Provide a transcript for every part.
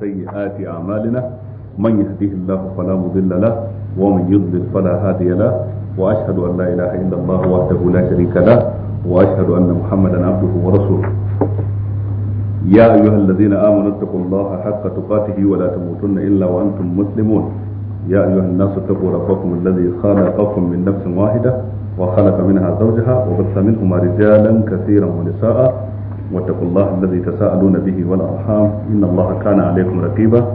سيئات أعمالنا من يهديه الله فلا مضل له ومن يضلل فلا هادي له وأشهد أن لا إله إلا الله وحده لا شريك له وأشهد أن محمدا عبده ورسوله يا أيها الذين آمنوا اتقوا الله حق تقاته ولا تموتن إلا وأنتم مسلمون يا أيها الناس اتقوا ربكم الذي خلقكم من نفس واحدة وخلق منها زوجها وبث منهما رجالا كثيرا ونساء واتقوا الله الذي تساءلون به والأرحام إن الله كان عليكم رقيبا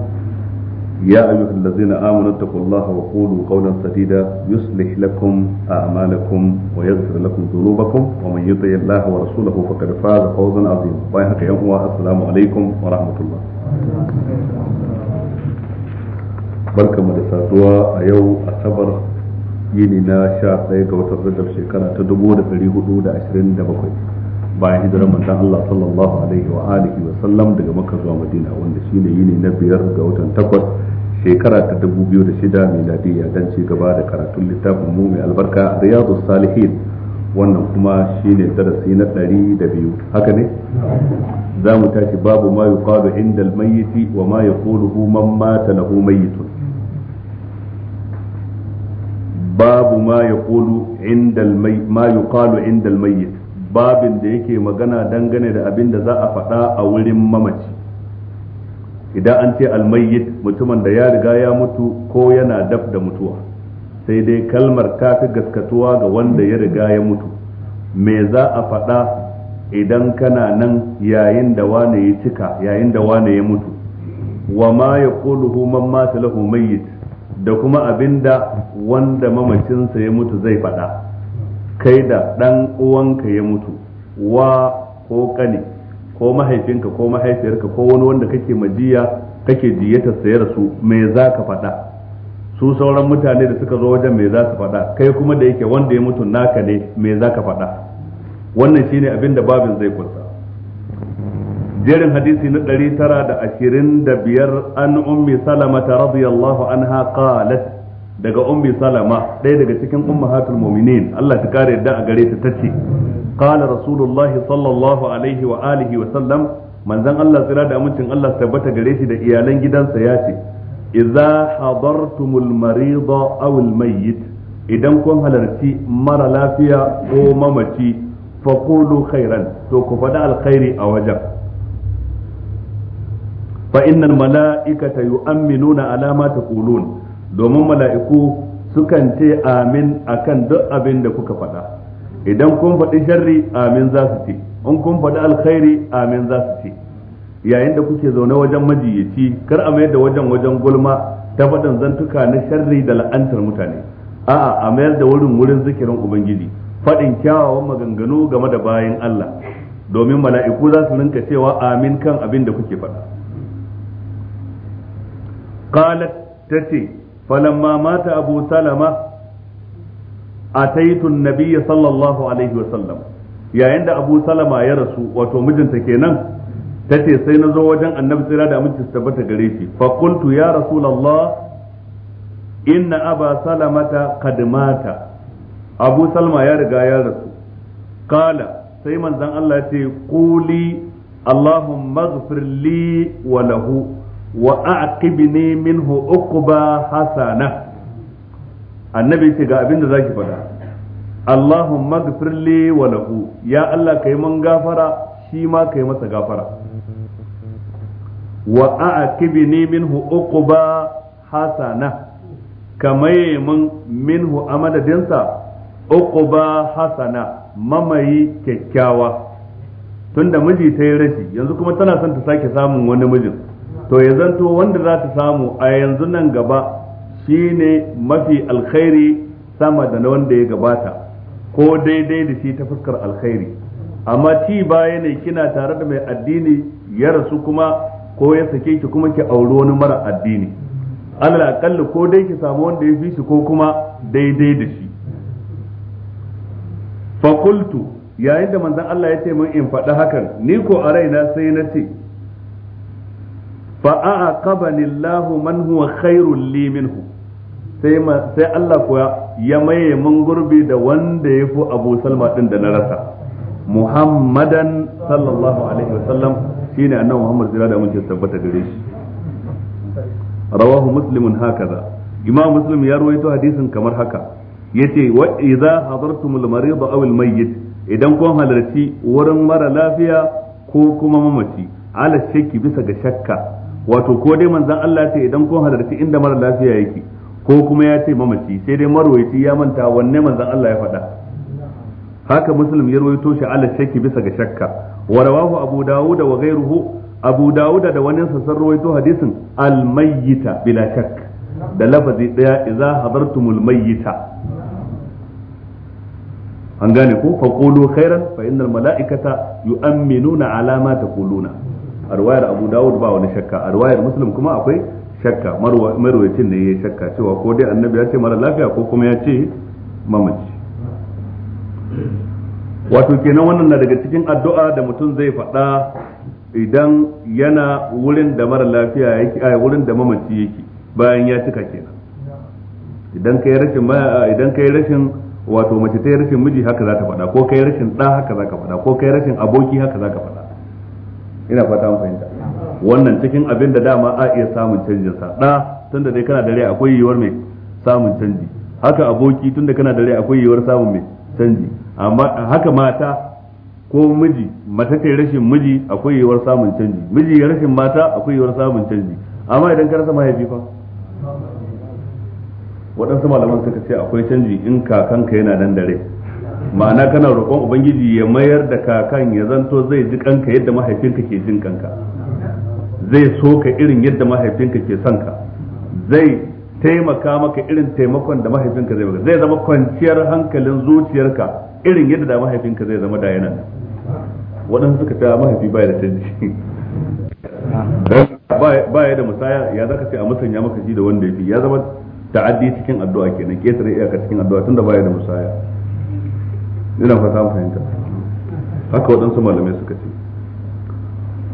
يا أيها الذين آمنوا اتقوا الله وقولوا قولا سديدا يصلح لكم أعمالكم ويغفر لكم ذنوبكم ومن يطع الله ورسوله فقد فاز فوزا عظيما بايعك يا السلام عليكم ورحمة الله barkamu da saduwa a yau asabar yini na sha ɗaya ga watan rajab shekara ta dubu da ɗari hudu da ashirin da bakwai bayan hijirar manzon Allah sallallahu alaihi wa alihi wa sallam daga Makka zuwa Madina wanda shine yini na biyar ga watan takwas shekara ta 2006 miladiyya dan ci gaba da karatun littafin mu mai albarka Riyadus Salihin wannan kuma shine darasi na 102 haka ne za mu tashi babu ma yuqalu inda al-mayyiti wa ma yaquluhu man mata lahu mayyitun babu ma yaqulu inda al-mayyit ma yuqalu inda al babin da yake magana dangane da abin da za a faɗa a wurin mamaci idan an ce almayyit mutumin da ya riga ya mutu ko yana daf da mutuwa sai dai kalmar ta fi gaskatuwa ga wanda ya riga ya mutu me za a faɗa idan kana nan yayin da wane ya cika yayin da wane ya mutu wa ma ya man mata lahu mayyit da kuma abinda wanda mamacinsa ya mutu zai faɗa kai da ɗan uwanka ya mutu wa ko kane ko mahaifinka ko mahaifiyarka ko wani wanda kake majiya kake jiyatar sa ya rasu me za ka faɗa su sauran mutane da suka zo wajen me za su faɗa kai kuma da yake wanda ya mutu naka ne me za ka faɗa wannan shine abin da babin zai kunsa jerin hadisi na ɗari tara da da ashirin 925 an ummi salamata radiyallahu anha qalat daga ummi salama ɗaya daga cikin ummahatul mu'minin Allah ta kare yadda a gare ta tace qala rasulullahi sallallahu alaihi wa alihi wa sallam manzon Allah tsira da amincin Allah tabbata gare shi da iyalan gidansa ya ce idza hadartumul marida aw al mayyit idan kun halarci mara lafiya ko mamaci faqulu khairan to ku faɗa alkhairi a wajen fa innal mala'ikata yu'minuna ala ma kulun. domin mala'iku sukan ce amin a kan duk abin da kuka faɗa idan kun faɗi sharri amin za su ce in kun faɗi alkhairi amin za su ce yayin da kuke zaune wajen majiyyaci kar a mayar da wajen wajen gulma ta faɗin zantuka na sharri da la'antar mutane a'a a mayar da wurin wurin zikirin ubangiji faɗin kyawawan maganganu game da bayan Allah domin mala'iku za su ninka cewa amin kan abin da kuke faɗa qalat tace falamma mata abu a ataitu nabiyya sallallahu alaihi wa sallam yayin da abu salama ya rasu wato mijinta kenan tace sai na zo wajen annabi tsira da aminci tabbata gare shi fa qultu ya rasulullah inna aba salamata qad mata abu salma ya riga ya rasu kala sai manzon Allah ya ce quli allahumma ighfir li wa lahu wa aqibni minhu uqba hasana annabi ce ga abin zaki faɗa Allahumma gfirli wa lahu ya Allah kai mun gafara shi ma kai masa gafara wa aqibni minhu uqba hasana kamaye mun minhu amadadinsa uqba hasana mamaye kyakkyawa tunda miji ta yi rashi yanzu kuma tana son ta sake samun wani mijin to ya zanto wanda za ta samu a yanzu nan gaba shine mafi alkhairi sama da na wanda ya gabata ko daidai da shi ta fuskar alkhairi amma ci baya ne kina tare da mai addini ya rasu kuma ko ya sake ki kuma ki auri wani mara addini Allah akalla ko dai ki samu wanda ya fi shi ko kuma daidai da shi fakultu yayin da manzon Allah ya ce min in faɗi hakan ni ko a raina sai na ce fa aqabani Allah man huwa khairul li sai sai Allah kuwa ya maye mun gurbi da wanda ya fi Abu Salma din da na rasa Muhammadan sallallahu alaihi wasallam shine annabi Muhammad zira da muke tabbata gare shi rawahu muslimun hakaza imam muslim ya rawaito hadisin kamar haka yace wa idza hadartumul marid aw al mayyit idan kun halarci wurin mara lafiya ko kuma mamaci ala shakki bisa ga shakka wato ko dai manzon Allah ce idan kun halarci inda mara lafiya yake ko kuma ya ce mamaci sai dai marwayaci ya manta wanne manzon Allah ya faɗa haka muslim ya rawaito shi ala shakki bisa ga shakka wa rawahu abu dawud wa ghayruhu abu dawud da wani sassan rawaito hadisin al mayyita bila shakk da lafazi daya idza hadartumul mayyita an gane ko fa qulu khairan fa innal malaikata yu'minuna ala ma taquluna a ruwayar abu dawud ba wani shakka a ruwayar muslim kuma akwai shakka marwacin da ya yi shakka cewa ko dai annabi ya ce mara lafiya ko kuma ya ce mamaci wato kenan wannan na daga cikin addu'a da mutum zai faɗa idan yana wurin da mara lafiya yake a wurin da mamaci yake bayan ya cika kenan idan kai rashin idan kai rashin wato mace ta yi rashin miji haka za ta faɗa ko kai rashin ɗa haka za ka faɗa ko kai rashin aboki haka za ka faɗa ina fata mun fahimta wannan cikin abin da dama a iya samun canjin sa da tunda dai kana da rai akwai yiwuwar mai samun canji haka aboki tunda kana da rai akwai yiwuwar samun mai canji amma haka mata ko miji mata ta rashin miji akwai yiwuwar samun canji miji ya rashin mata akwai yiwuwar samun canji amma idan ka rasa mahaifi fa waɗansu malaman suka ce akwai canji in kakanka yana nan dare. rai ma'ana kana roƙon ubangiji ya mayar da kakan ya zanto zai ji kanka yadda mahaifinka ke jin kanka zai so ka irin yadda mahaifinka ke son ka zai taimaka maka irin taimakon da mahaifinka zai maka zai zama kwanciyar hankalin zuciyarka irin yadda da mahaifinka zai zama da waɗansu suka ta mahaifi baya da canji baya da musaya ya zaka ce a musanya maka shi da wanda ya fi ya zama ta'addi cikin addu'a kenan ƙetare iyaka cikin addu'a tunda baya da musaya ina fata mu fahimta haka waɗansu malamai suka ce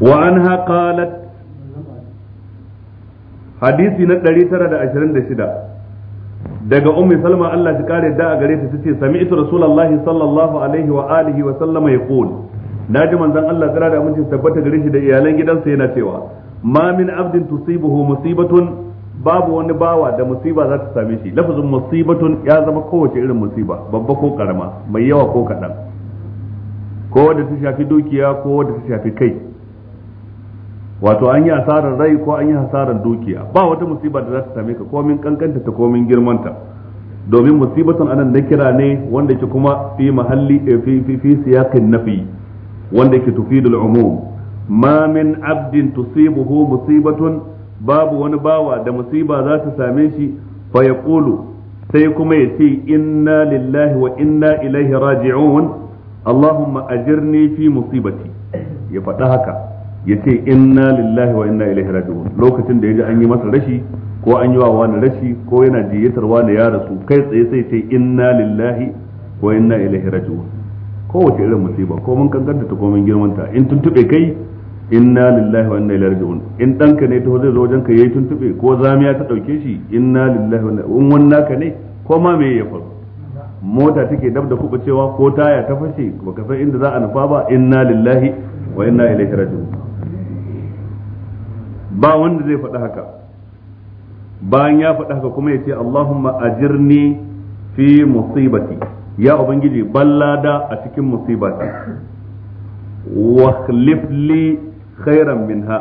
wa anha qalat hadisi na 926 daga ummi salma Allah ta kare da a gare ta tace sami'tu rasulullahi sallallahu alaihi wa alihi wa sallama yaqul naji manzon Allah tsara da mutum tabbata gare shi da iyalan gidansa yana cewa ma min abdin tusibuhu musibatun babu wani bawa da musiba za ta same shi lafazin musibatun ya zama kowace irin musiba babba ko karama mai yawa ko kaɗan ko wadda ta shafi dukiya ko wadda ta shafi kai wato an yi asarar rai ko an yi asarar dukiya ba wata musiba da za ta same ka komin kankanta ta komin girmanta domin musibatun anan da kira ne wanda ke kuma fi mahalli eh, fi fi siyakin nafi wanda ke tufidul umum ma min abdin tusibuhu musibatun babu wani bawa da musiba za ta same shi fa sai kuma ya ce inna lillahi wa inna ilaihi raji'un allahumma ajirni fi musibati ya faɗa haka ya ce inna lillahi wa inna ilaihi raji'un lokacin da ya ji an yi masa rashi ko an yi wa wani rashi ko yana jiyatar wani ya rasu kai tsaye sai ce inna lillahi wa inna ilaihi raji'un kowace irin musiba ko mun kankanta ta ko mun girmanta in tuntube kai inna lillahi wa inna ilaihi raji'un in danka ne to zai zo wajen ka yayi tuntube ko zamiya ta dauke shi inna lillahi wa inna in wannan ka ne ko ma me ya faru mota take dab da cewa ko taya ta fashe baka san inda za a nufa ba inna lillahi wa inna ilaihi raji'un ba wanda zai faɗi haka bayan ya faɗi haka kuma ya ce Allahumma ajirni fi musibati ya ubangiji ballada a cikin musibata wa li khairan minha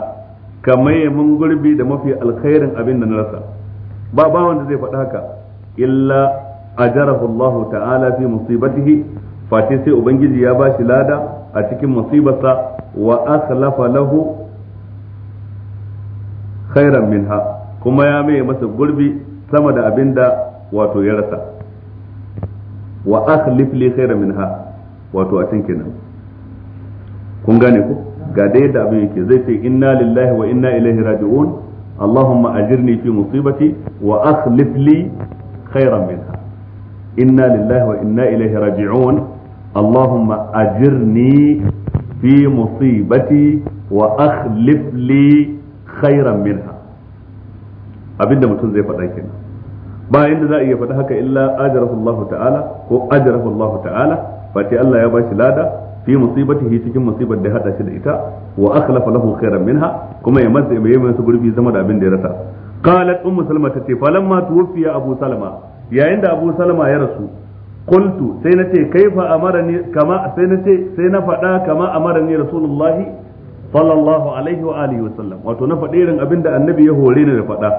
ka mun gurbi da mafi alkhairin abin da na rasa ba ba wanda zai faɗa haka illa ajarahu Allah ta'ala fi musibatihi fati sai ubangiji ya bashi lada a cikin musibarsa wa akhlafa lahu khairan minha kuma ya maye masa gurbi sama da abin da wato ya rasa wa akhlif li khairan minha wato a cikin kenan kun gane ku ga dai da abin yake zai ce inna lillahi wa inna ilaihi raji'un allahumma ajirni fi musibati wa akhlif li khayran minha inna lillahi wa inna ilaihi raji'un allahumma ajirni fi musibati wa akhlif li khayran minha abinda mutum zai faɗa kenan ba inda za a iya faɗa haka illa ajarahu Allah ta'ala ko ajarahu Allah ta'ala fati Allah ya ba shi lada fi musibatihi cikin musibar da hada shi da ita wa akhlafa lahu khairan minha kuma ya masa mai masa gurbi zama da abin da ya rasa qalat ummu salma tace falamma tuwfiya abu salma yayin da abu salma ya rasu qultu sai na nace kaifa amarani kama sai na ce sai na faɗa kama amarani rasulullahi sallallahu alaihi wa alihi wa sallam wato na faɗi irin abin da annabi ya hore ni da faɗa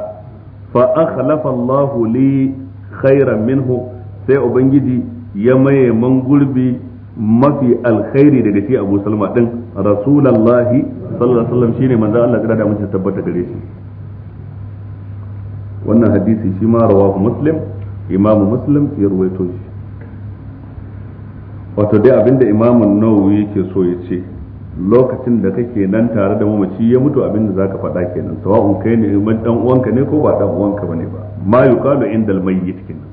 fa akhlafa Allahu li khairan minhu sai ubangiji ya maye man gurbi mafi alkhairi daga shi Abu Salma din rasulallahi sallallahu alaihi wasallam shine manzo Allah kada da mun tabbata gare shi wannan hadisi shi ma rawahu Muslim Imam Muslim ya ruwaito shi wato dai abinda Imam Nawawi yake so ya ce lokacin da kake nan tare da mamaci ya mutu abinda zaka faɗa kenan sawa'un kai ne man dan uwanka ne ko ba dan uwanka bane ba ma yuqalu indal mayyit kenan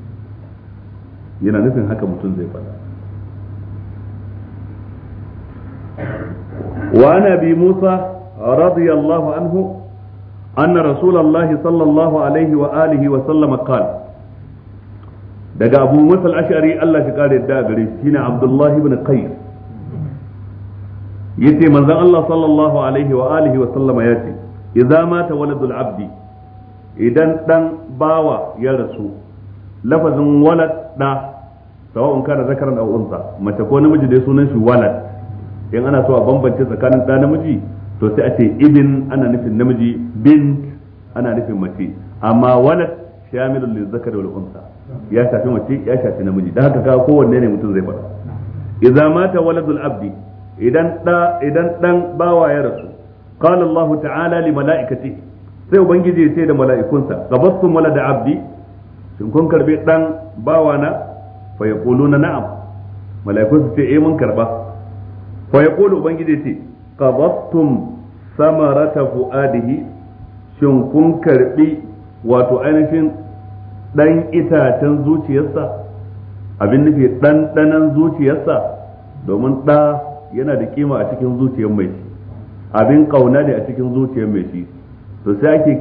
yana nufin haka mutum zai faɗa وعن أبي موسى رضي الله عنه أن رسول الله صلى الله عليه وآله وسلم قال دقى أبو موسى الأشعري الله شكال الدابري هنا عبد الله بن قيس yace manzon Allah sallallahu alaihi wa alihi wa sallama yace idza mata waladul abdi idan ɗan bawa ya rasu lafazin walad da sawa'un kana zakaran aw unsa mace ko namiji dai sunan shi walad in ana so a bambance tsakanin da namiji to sai a ce ibin ana nufin namiji bin ana nufin mace amma walad shamilul lizzakari wal unsa ya shafi mace ya shafi namiji dan haka kaga kowanne ne mutum zai faɗa idza mata waladul abdi idan da idan dan bawa ya rasu qala Allah ta'ala li malaikati sai ubangiji ya ce da mala'ikunsa gabattum walada abdi shin kun karbi dan bawana fa yaquluna na'am mala'ikun su ce eh mun karba fa yaqulu ubangiji ce qabattum samarata fuadihi shin kun karbi wato ainihin dan itacen zuciyarsa abin nufi ɗanɗanan zuciyarsa domin ɗa yana da kima a cikin zuciyar mai shi abin ƙauna ne a cikin zuciyar mai shi to sai ake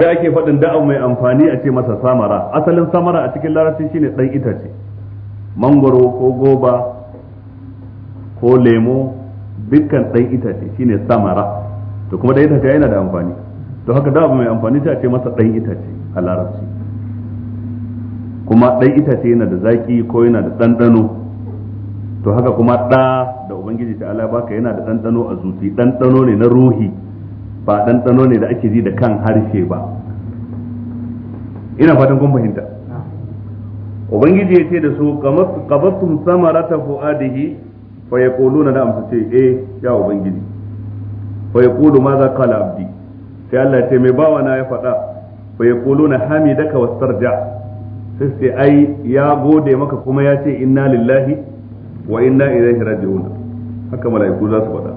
sai ake faɗin da'a mai amfani a ce masa samara asalin samara a cikin larabci shine ɗan itace mangoro ko goba ko lemo dukkan ɗan itace shine samara to kuma ɗan itace yana da amfani to haka da abu mai amfani sai a ce masa ɗan itace a larabci kuma ɗan itace yana da zaki ko yana da ɗanɗano to haka kuma ɗa da ubangiji ta ala baka yana da ɗanɗano a zuci ɗanɗano ne na ruhi ba ɗanɗano ne da ake ji da kan harshe ba ina fatan kun fahimta ubangiji ya ce da su qabattum samarata fuadihi fa yaquluna na amsa ce eh ya ubangiji fa ma za kala abdi sai Allah ya ce mai bawa na ya faɗa fa yaquluna wasar ja sai sai ai ya gode maka kuma ya ce inna lillahi wa inna ilaihi raji'un haka mala'iku za su faɗa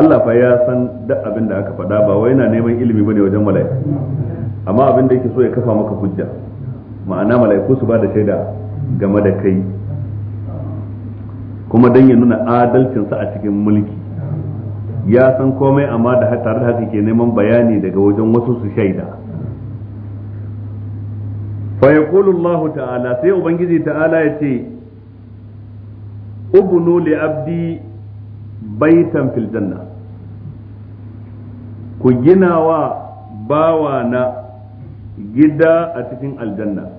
Allah fa ya san duk abin da aka faɗa ba wai yana neman ilimi bane wajen mala'iku amma abin da yake so ya kafa maka hujja ma'ana mala'iku su ba da shaida game da kai kuma don ya nuna adalcinsa a cikin mulki ya san komai amma da tare da haka ke neman bayani daga wajen wasu su shaida fa yaqulu Allah ta'ala sai ubangiji ta'ala ya ce ubnu li abdi baitan fil janna ku gina wa na gida a cikin aljanna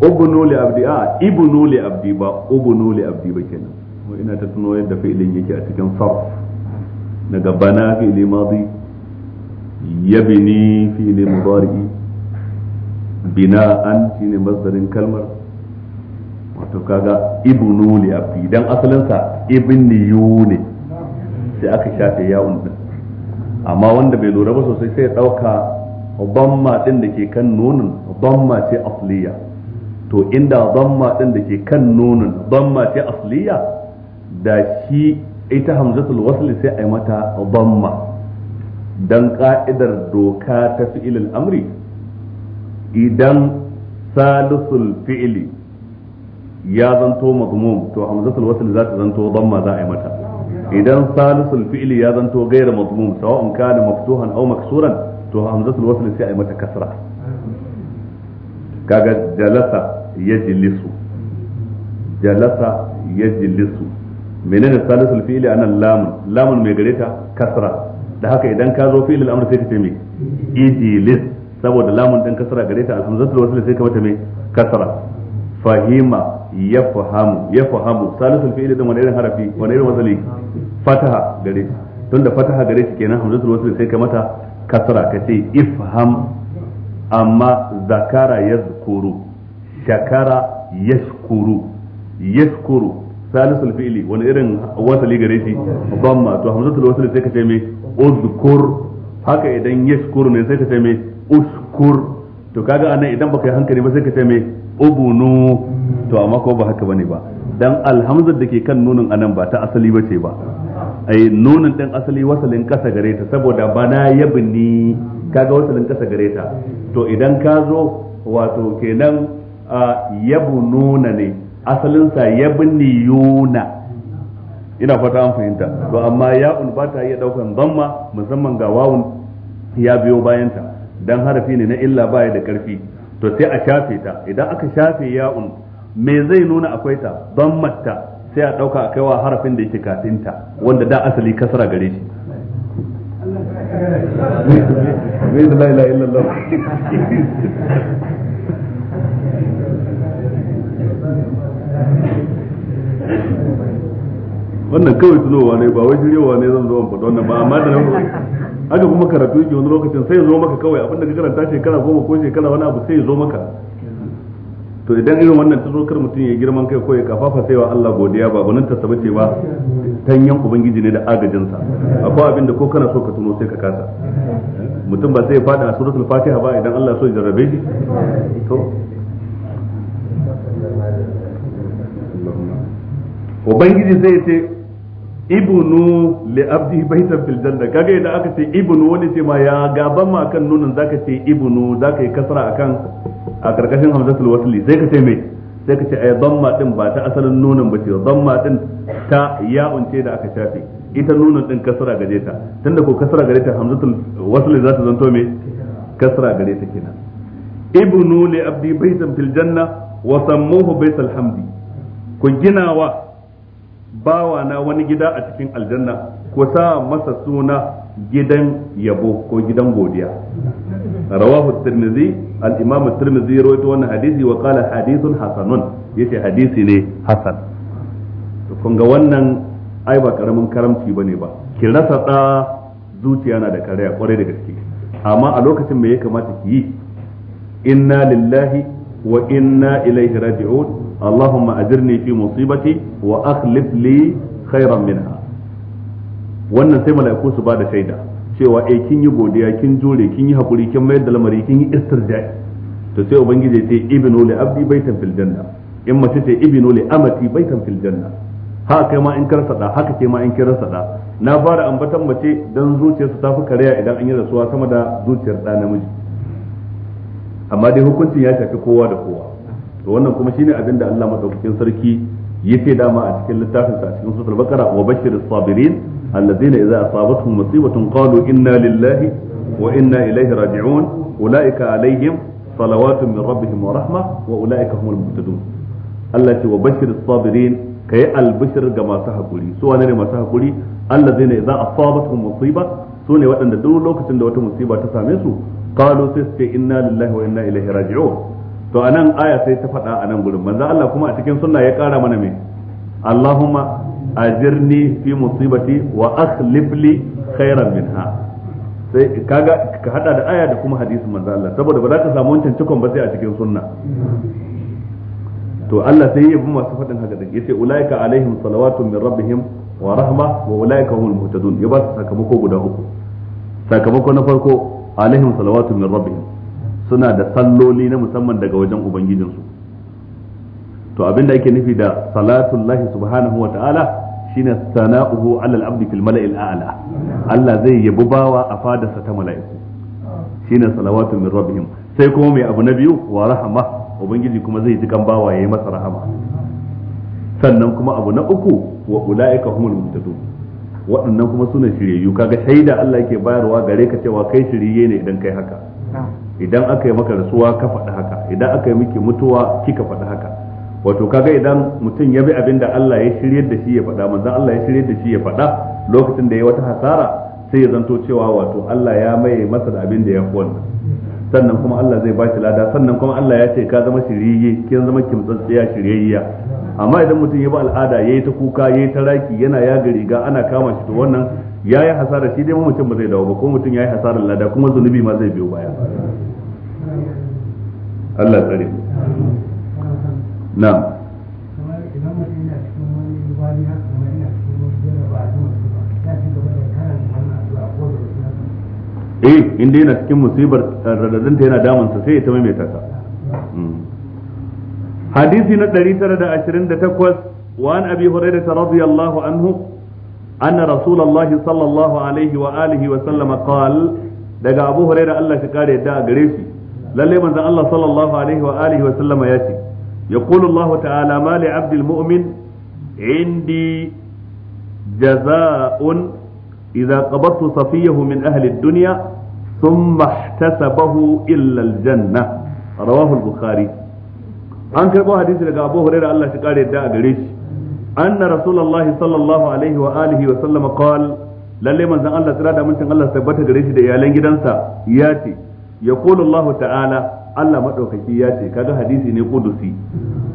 ubnu abdi a ibnu li abdi ba ubnu abdi ba kenan ko ina ta tuno yadda fi'ilin yake a cikin sarf daga bana fi'ili madi yabni fi'ili mudari bina'an shine masdarin kalmar wato kaga ibnu li abdi dan asalin sa ibni ne sai aka shafe yawun din amma wanda bai lura ba sosai sai ya dauka dhamma din da ke kan nonon dhamma ce asliya to inda damma din da ke kan nunun damma ce asliya da shi ita hamzatul wasl sai a yi mata damma dan ka'idar doka ta fi'il amri idan salisul fi'ili ya zanto mazmum to hamzatul wasl za ta zanto damma za a yi mata idan salisul fi'ili ya zanto ghayr mazmum sawa'un kana maftuhan aw maksuran to hamzatul wasl sai a yi mata kasra kaga jalasa yajlisu jalasa yajlisu menene salisul fi'li anan lamun lamun mai gare ta kasra da haka idan ka zo fi'lil amr sai ka ce me ijlis saboda lamun din kasra gare ta alhamzatul wasl sai ka mata me kasra fahima yafhamu yafhamu salisul fi'li din wani irin harafi wani irin wasali fataha gare ta fataha gare kenan hamzatul wasl sai ka mata kasra ka ce ifham amma zakara yazkuru shakara yashkuru yashkuru salisul fi'li wani irin wasali gare shi bamma to hamzatul wasl sai ka ce mai uzkur haka idan yashkuru ne sai ka ce mai uskur to kaga anan idan baka yi hankali ba sai ka ce mai ubunu to amma ko ba haka bane ba dan alhamzat da ke kan nunin anan ba ta asali bace ba ai nunin din asali wasalin kasa gare ta saboda bana yabni kaga wasalin kasa gare ta to idan ka zo wato kenan yabununa ne asalin sa yuna ina fata an fahimta to amma ya'un ba ta iya daukan zamma musamman ga wawun ya biyo bayanta dan harafi ne na illa baya da karfi to sai a shafe ta idan aka shafe ya'un me zai nuna akwai ta zammatta sai a dauka a kaiwa harafin da yake kafinta wanda da asali kasara gare shi la wannan kawai tunowa ne ba wai shiryowa ne zan zo in faɗa wannan ba amma da haka kuma karatu yake wani lokacin sai zo maka kawai abinda ka karanta shekara goma ko shekara wani abu sai zo maka to idan irin wannan ta zo kar mutum ya girman kai ko ya kafafa sai wa Allah godiya ba banin ta sabace ba tanyan ubangiji ne da agajinsa akwai abin da ko kana so ka tuno sai ka kasa mutum ba sai ya faɗa suratul fatiha ba idan Allah so ya jarrabe shi to ubangiji zai ce ibnu li abdi baitan fil janna kaga idan aka ce ibnu wani ce ma ya gaban ma kan nunan zaka ce ibnu zaka yi kasra akan a karkashin hamzatul wasli sai ka ce me sai ka ce ay damma din ba ta asalin nunan ba ce damma din ta ya unce da aka shafe ita nunan din kasra gare ta tunda ko kasra gare ta hamzatul wasli za ta zanto me kasra gare ta kenan ibnu li abdi baitan fil janna wa sammuhu baitul hamdi ku ginawa bawa na wani gida a cikin aljanna ko sa masa suna gidan yabo ko gidan godiya rawahu tirmidhi al-imam tirmidhi rawaito wannan hadisi wa qala hadithun hasanun yace hadisi ne hasan to kun ga wannan ai ba karamin karamci bane ba ki rasa da zuciya na da karaya kwarai da gaske amma a lokacin me ya kamata ki yi inna lillahi wa inna ilaihi raji'un اللهم ajirni fi مصيبتي wa لي خيرا منها minha wannan sai mala'iku su bada shaida cewa eh kin yi godiya kin jure kin yi hakuri kin mayar da lamari kin yi istirja'i to sai ubangiji ce ibnu li abdi baitan fil janna in mace ce ibnu li amati baitan fil janna ha kai ma in karsa da haka kai ma in kirsa da na fara ambatan mace dan zuciyarsa ta fi kariya idan an yi rasuwa sama da zuciyar da namiji amma dai hukuncin ya shafi kowa da kowa to wannan kuma shine abin da Allah madaukakin sarki yace dama a cikin littafin sa a cikin suratul baqara wa bashshiris sabirin alladheena idza asabatuhum musibatun qalu inna lillahi wa inna ilayhi raji'un ulaika alaihim salawatun min rabbihim wa rahma wa ulaika humul muhtadun Allah ce wa bashshiris sabirin ka yi albishir ga masu haƙuri su wane ne masu haƙuri Allah zai ne za a musiba su ne waɗanda duk lokacin da wata musiba ta same su kalu sai su ce inna lillahi wa inna ilaihi raji'un to a nan aya sai ta faɗa a nan gurin manzo Allah kuma a cikin sunna ya ƙara mana me Allahumma ajirni fi musibati wa akhlif li khairan minha sai kaga ka hada da aya da kuma hadisin manzo Allah saboda ba za ka samu wancan cikon ba sai a cikin sunna to Allah sai ya bi masu faɗin haka da yace ulaika alaihim salawatun min rabbihim wa rahma wa ulaika humul muhtadun ya ba su sakamako guda uku sakamako na farko alaihim salawatun min rabbihim suna da salloli na musamman daga wajen ubangijinsu to abinda ake nufi da Salatu salatullahi subhanahu wa ta'ala shine sana'uhu al abdi fil mala'il a'la Allah zai yabi bawa a fadarsa ta mala'iku shine salawatu min rabbihim sai kuma mai abu na biyu wa rahama ubangiji kuma zai ji kan bawa yayi masa rahama sannan kuma abu na uku wa ulaika humul muhtadun waɗannan kuma suna shiryayyu kaga shaida Allah yake bayarwa gare ka cewa kai shirye ne idan kai haka idan aka yi maka rasuwa ka faɗi haka idan aka yi miki mutuwa kika faɗi haka wato kaga idan mutum ya bi abin da Allah ya shiryar da shi ya faɗa manzon Allah ya shiryar da shi ya faɗa lokacin da ya wata hasara sai ya zanto cewa wato Allah ya maye masa da abin da ya fi wannan sannan kuma Allah zai ba shi lada sannan kuma Allah ya ce ka zama shiriyye kin zama kimtsatsiya shiryayya amma idan mutum ya bi al'ada yayi ta kuka yayi ta raki yana yaga riga ana kama shi to wannan ya yi hasara shi dai mutum ba zai dawo ba ko mutum ya yi hasarar lada kuma zunubi ma zai biyo baya Allah tsare na'am eh inda yana cikin musibar eh, radadinta yana damunsa sai ya ta maimaita ta mm. hadisi na 928 وعن ابي هريره رضي الله Anhu. أن رسول الله صلى الله عليه وآله وسلم قال daga Abu Hurairah Allah ka kare yadda a gare shi Allah sallallahu alaihi wa alihi wa sallama ya ce yaqulu Allah ta'ala ma li 'abdil mu'min indi jazaa'un idza qabattu safiyahu min ahli duniya sun thumma ihtasabahu illa janna rawahu al-bukhari an karbo hadisi daga Abu Hurairah Allah kare yadda a anna rasulullahi sallallahu alaihi wa alihi wa sallama qala lalle manzon Allah tsira da mutun Allah tabbata gare shi da iyalan gidansa ya ce yaqulu Allah ta'ala Allah madaukaki ya ce kaga hadisi ne kudusi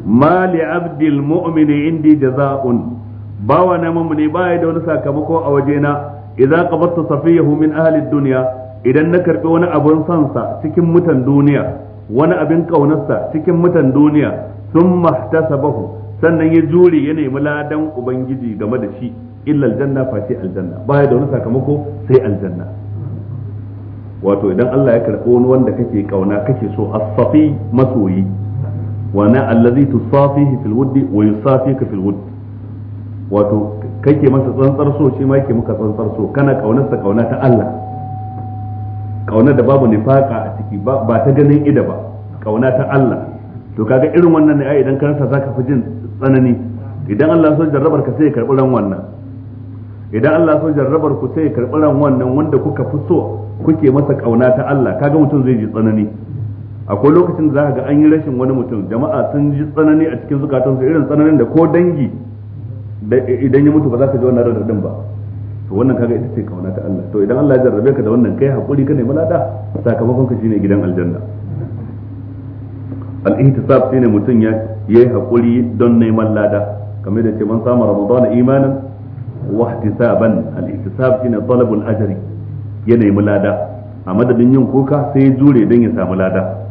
ma li abdil mu'mini indi jaza'un bawa na mamune baya da wani sakamako a wajena idza qabatta safiyahu min ahalin duniya idan na karɓi wani abun sansa cikin mutan duniya wani abin kaunarsa cikin mutan duniya sun mahtasabahu sannan ya jure ya nemi ladan ubangiji game da shi illa aljanna fa sai aljanna baya da wani sakamako sai aljanna wato idan Allah ya karɓo wani wanda kake kauna kake so asfafi safi masoyi wa na allazi tusafihi fil wuddi wa yusafika fil wudd wato kake masa tsantsar so shi ma yake maka tsantsar so kana kaunar sa kauna ta Allah kauna da babu nifaka a ciki ba ta ganin ida ba kauna ta Allah to kaga irin wannan ne ai idan karanta zaka fi jin tsanani idan Allah so jarrabar ka sai ya karɓi ran wannan idan Allah so jarrabar ku sai ya karɓi ran wannan wanda kuka fi so kuke masa kauna ta Allah kaga mutum zai ji tsanani akwai lokacin da zaka ga an yi rashin wani mutum jama'a sun ji tsanani a cikin zukatansu irin tsananin da ko dangi idan ya mutu ba za ka ji wannan radadin ba to wannan kaga ita ce kauna ta Allah to idan Allah ya jarrabe ka da wannan kai hakuri ka ne malada sakamakon ka shine gidan aljanna al-ihtisab shine mutum ya yi hakuri don neman lada kamar da ce man sama ramadana imanan wa ihtisaban al-ihtisab shine al ajri ya nemi lada a madadin yin kuka sai ya jure don ya samu lada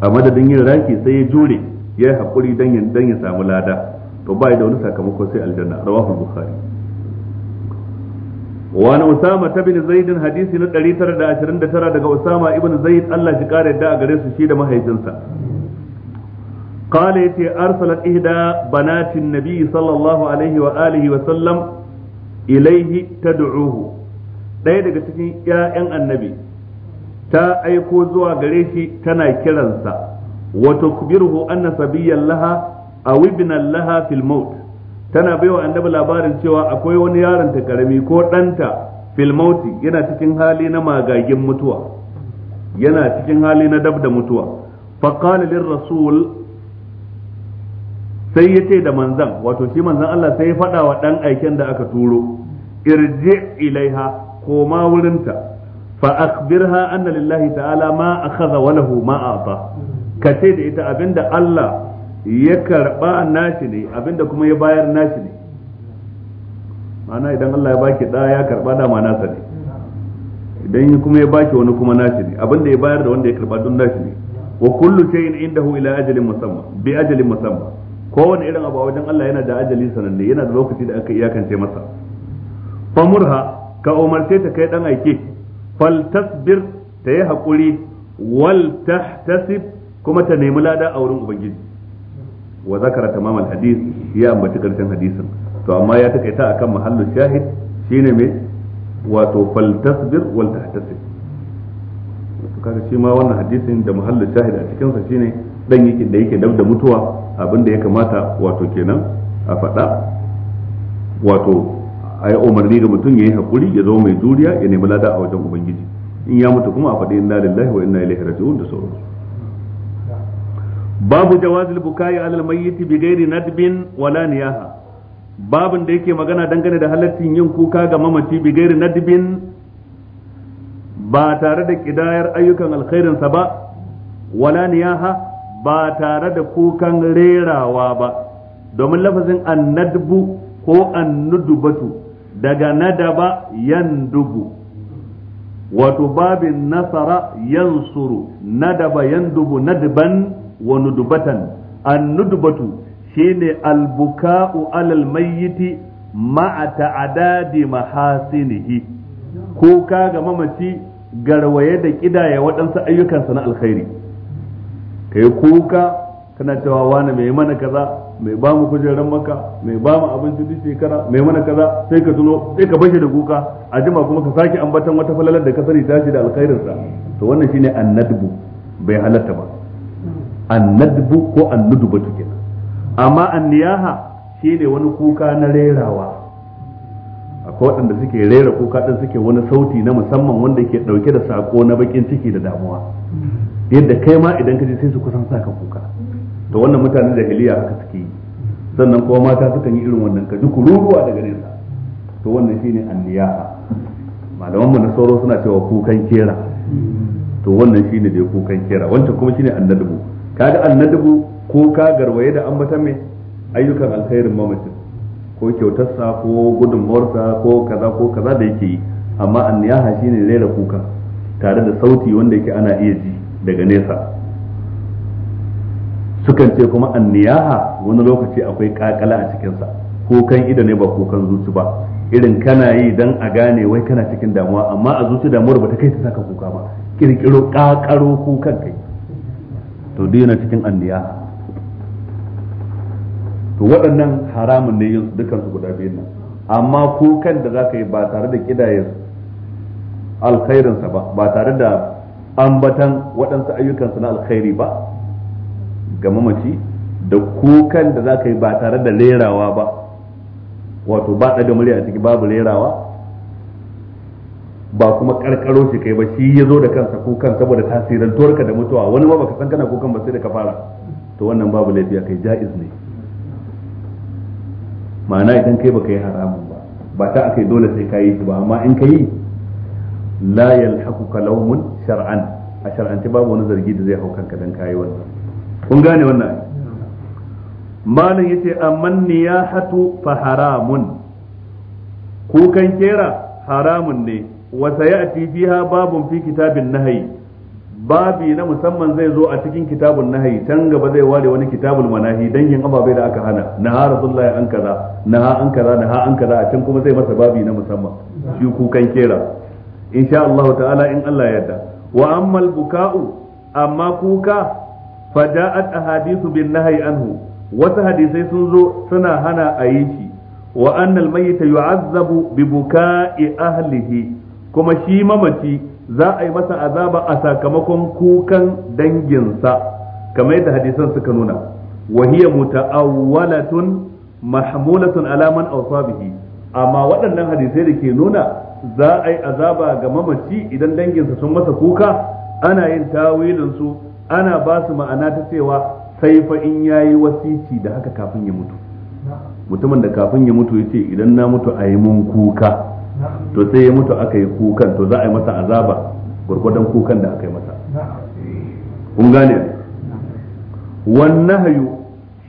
a madadin yin raki sai ya jure ya yi hakuri don ya samu lada to ba da wani sakamako sai aljanna rawahu bukhari وعن أسامة بن زيد حديث نتري ترى دا عشرين ترى دا أسامة ابن زيد الله شكار دا أغريس shi ما هيجنسا قال يتي أرسلت إحدى بنات النبي صلى الله عليه وآله وسلم إليه تدعوه ɗaya daga cikin ‘ya'yan annabi ta aiko zuwa gare shi tana kiransa wato kubirhu anna sabiyyan laha a wibinan laha fil tana baiwa annabi labarin cewa akwai wani yaron ta karami ko ɗanta fil yana cikin hali na magagin mutuwa yana cikin hali na dab da mutuwa faqala rasul sai ya ce da manzan wato shi manzan Allah sai ya faɗa wa ɗan aiken da aka turo irji ilaiha koma wurinta fa akhbirha anna lillahi ta'ala ma akhadha wa lahu ma ata ka ce da ita abinda Allah ya karba nashi ne abinda kuma ya bayar nashi ne ma'ana idan Allah ya baki da ya karba da ma nasa ne idan kuma ya baki wani kuma nashi ne abinda ya bayar da wanda ya karba don nashi ne wa kullu shay'in indahu ila ajalin musamma bi ajalin musamma kowane irin abu a wajen Allah yana da ajali sananne yana da lokaci da aka iyakance masa famurha ka umarce ta kai dan aike fal tasbir ta yi hakuri wal tahtasib kuma ta nemi lada a wurin ubangiji wa zakara tamam hadis ya ambaci karshen hadisin to amma ya takaita akan mahallu shahid shine me wato fal tasbir wal tahtasib kaga shi ma wannan hadisin da mahallu shahid a cikin sa shine dan yake da yake dab da mutuwa abin da ya kamata wato kenan a faɗa wato a yi umarni ga mutum ya yi haƙuri ya zama mai juriya ya nemi lada a wajen ubangiji in ya mutu kuma a faɗi inna lillahi wa inna ilaihi raji'un da sauransu babu jawazil bukai alal mayyit bi ghairi nadbin wala niyaha babin da yake magana dangane da halaccin yin kuka ga mamaci bi ghairi nadbin ba tare da kidayar ayyukan alkhairinsa ba wala niyaha ba tare da kukan rerawa ba domin lafazin annadbu ko annudubatu daga nadaba yandubu wato babin nasara yansuru nadaba yandubu nadban wa nudubatan annudubatu shine albuka'u alal mayyiti ma'a ta'adadi mahasinihi kuka ga mamaci garwaye da kidaya waɗansu ayyukansa na alkhairi ka yi kuka kana cewa wani mai mana kaza mai ba mu kujerar maka mai ba mu abinci duk shekara mai mana kaza sai ka tuno sai ka bashi da kuka a jima kuma ka sake ambatan wata falalar da ka sani tashi da sa to wannan shine annadbu bai halatta ba annadbu ko annudubatu kenan amma anniyaha shine wani kuka na rerawa akwai waɗanda suke rera kuka ɗin suke wani sauti na musamman wanda ke ɗauke da sako na bakin ciki da damuwa yadda kai ma idan ka je sai su kusan saka kuka to wannan mutanen hiliya aka suke yi sannan kuma mata sukan yi irin wannan ka ji kururuwa daga nesa to wannan shine anniya malaman mu na sauro suna cewa kukan kera to wannan shine dai kukan kera wancan kuma shine annadubu kaga annadubu ko ka garwaye da ambata mai ayyukan alkhairin mamacin ko sa ko gudunmawarsa ko kaza ko kaza da yake yi amma anniyaha shine rera kuka tare da sauti wanda yake ana iya ji daga nesa sukan ce kuma anniyaha wani lokaci akwai kakala a cikinsa kukan ido ne ba kukan zuci ba irin kana yi dan a gane wai kana cikin damuwa amma a zuci damuwar ba ta kai ta saka kuka ba kirkiro kakaro kukan kai to duk yana cikin anniyaha to waɗannan haramun ne yin dukkan su guda biyu nan amma kukan da za ka yi ba tare da ƙidayen alkhairinsa ba ba tare da ambatan waɗansu ayyukansu na alkhairi ba ga mamaci da kukan da za ka yi ba tare da lerawa ba wato ba ɗaga murya a ciki babu lerawa ba kuma ƙarƙaro shi kai ba shi ya zo da kansa kukan saboda tasirantuwarka da mutuwa wani ma baka san kana kukan ba sai da ka fara to wannan babu laifi kai ja'iz ne ma'ana idan kai baka yi haramun ba ba ta aka yi dole sai ka yi shi ba amma in ka yi la yalhaquka shar'an a shar'anci babu wani zargi da zai hau kanka dan kayi wannan kun gane wannan malam yace amman niyahatu fa haramun kukan kera haramun ne wa sayati fiha babun fi kitabin nahyi babi na musamman zai zo a cikin kitabun nahyi can gaba zai ware wani kitabul manahi dangin ababen da aka hana naha rasulullahi an kaza naha an kaza naha an kaza a can kuma zai masa babi na musamman shi kukan kera insha Allah ta'ala in Allah yarda wa ammal buka'u amma kuka faja'at ahadithu bin nahyi anhu wasu hadisai sun zo suna hana a yi shi wa annal mayyita yu'azzabu bi buka'i ahlihi kuma shi mamaci za a yi masa azaba a sakamakon kukan danginsa kamar yadda hadisan suka nuna wa hiya muta'awwalatun mahmulatun ala man awsa bihi amma waɗannan hadisai da ke nuna za a yi azaba ga mamaci idan danginsa sun masa kuka ana yin tawilin su ana ba su ma'ana ta cewa sai fa in ya yi wasici da haka kafin ya mutu mutumin da kafin ya mutu ya ce idan na mutu a yi mun kuka to sai ya mutu aka yi kukan to za a yi masa azaba gwargwadon kukan da aka yi masa kun gane wannan hayu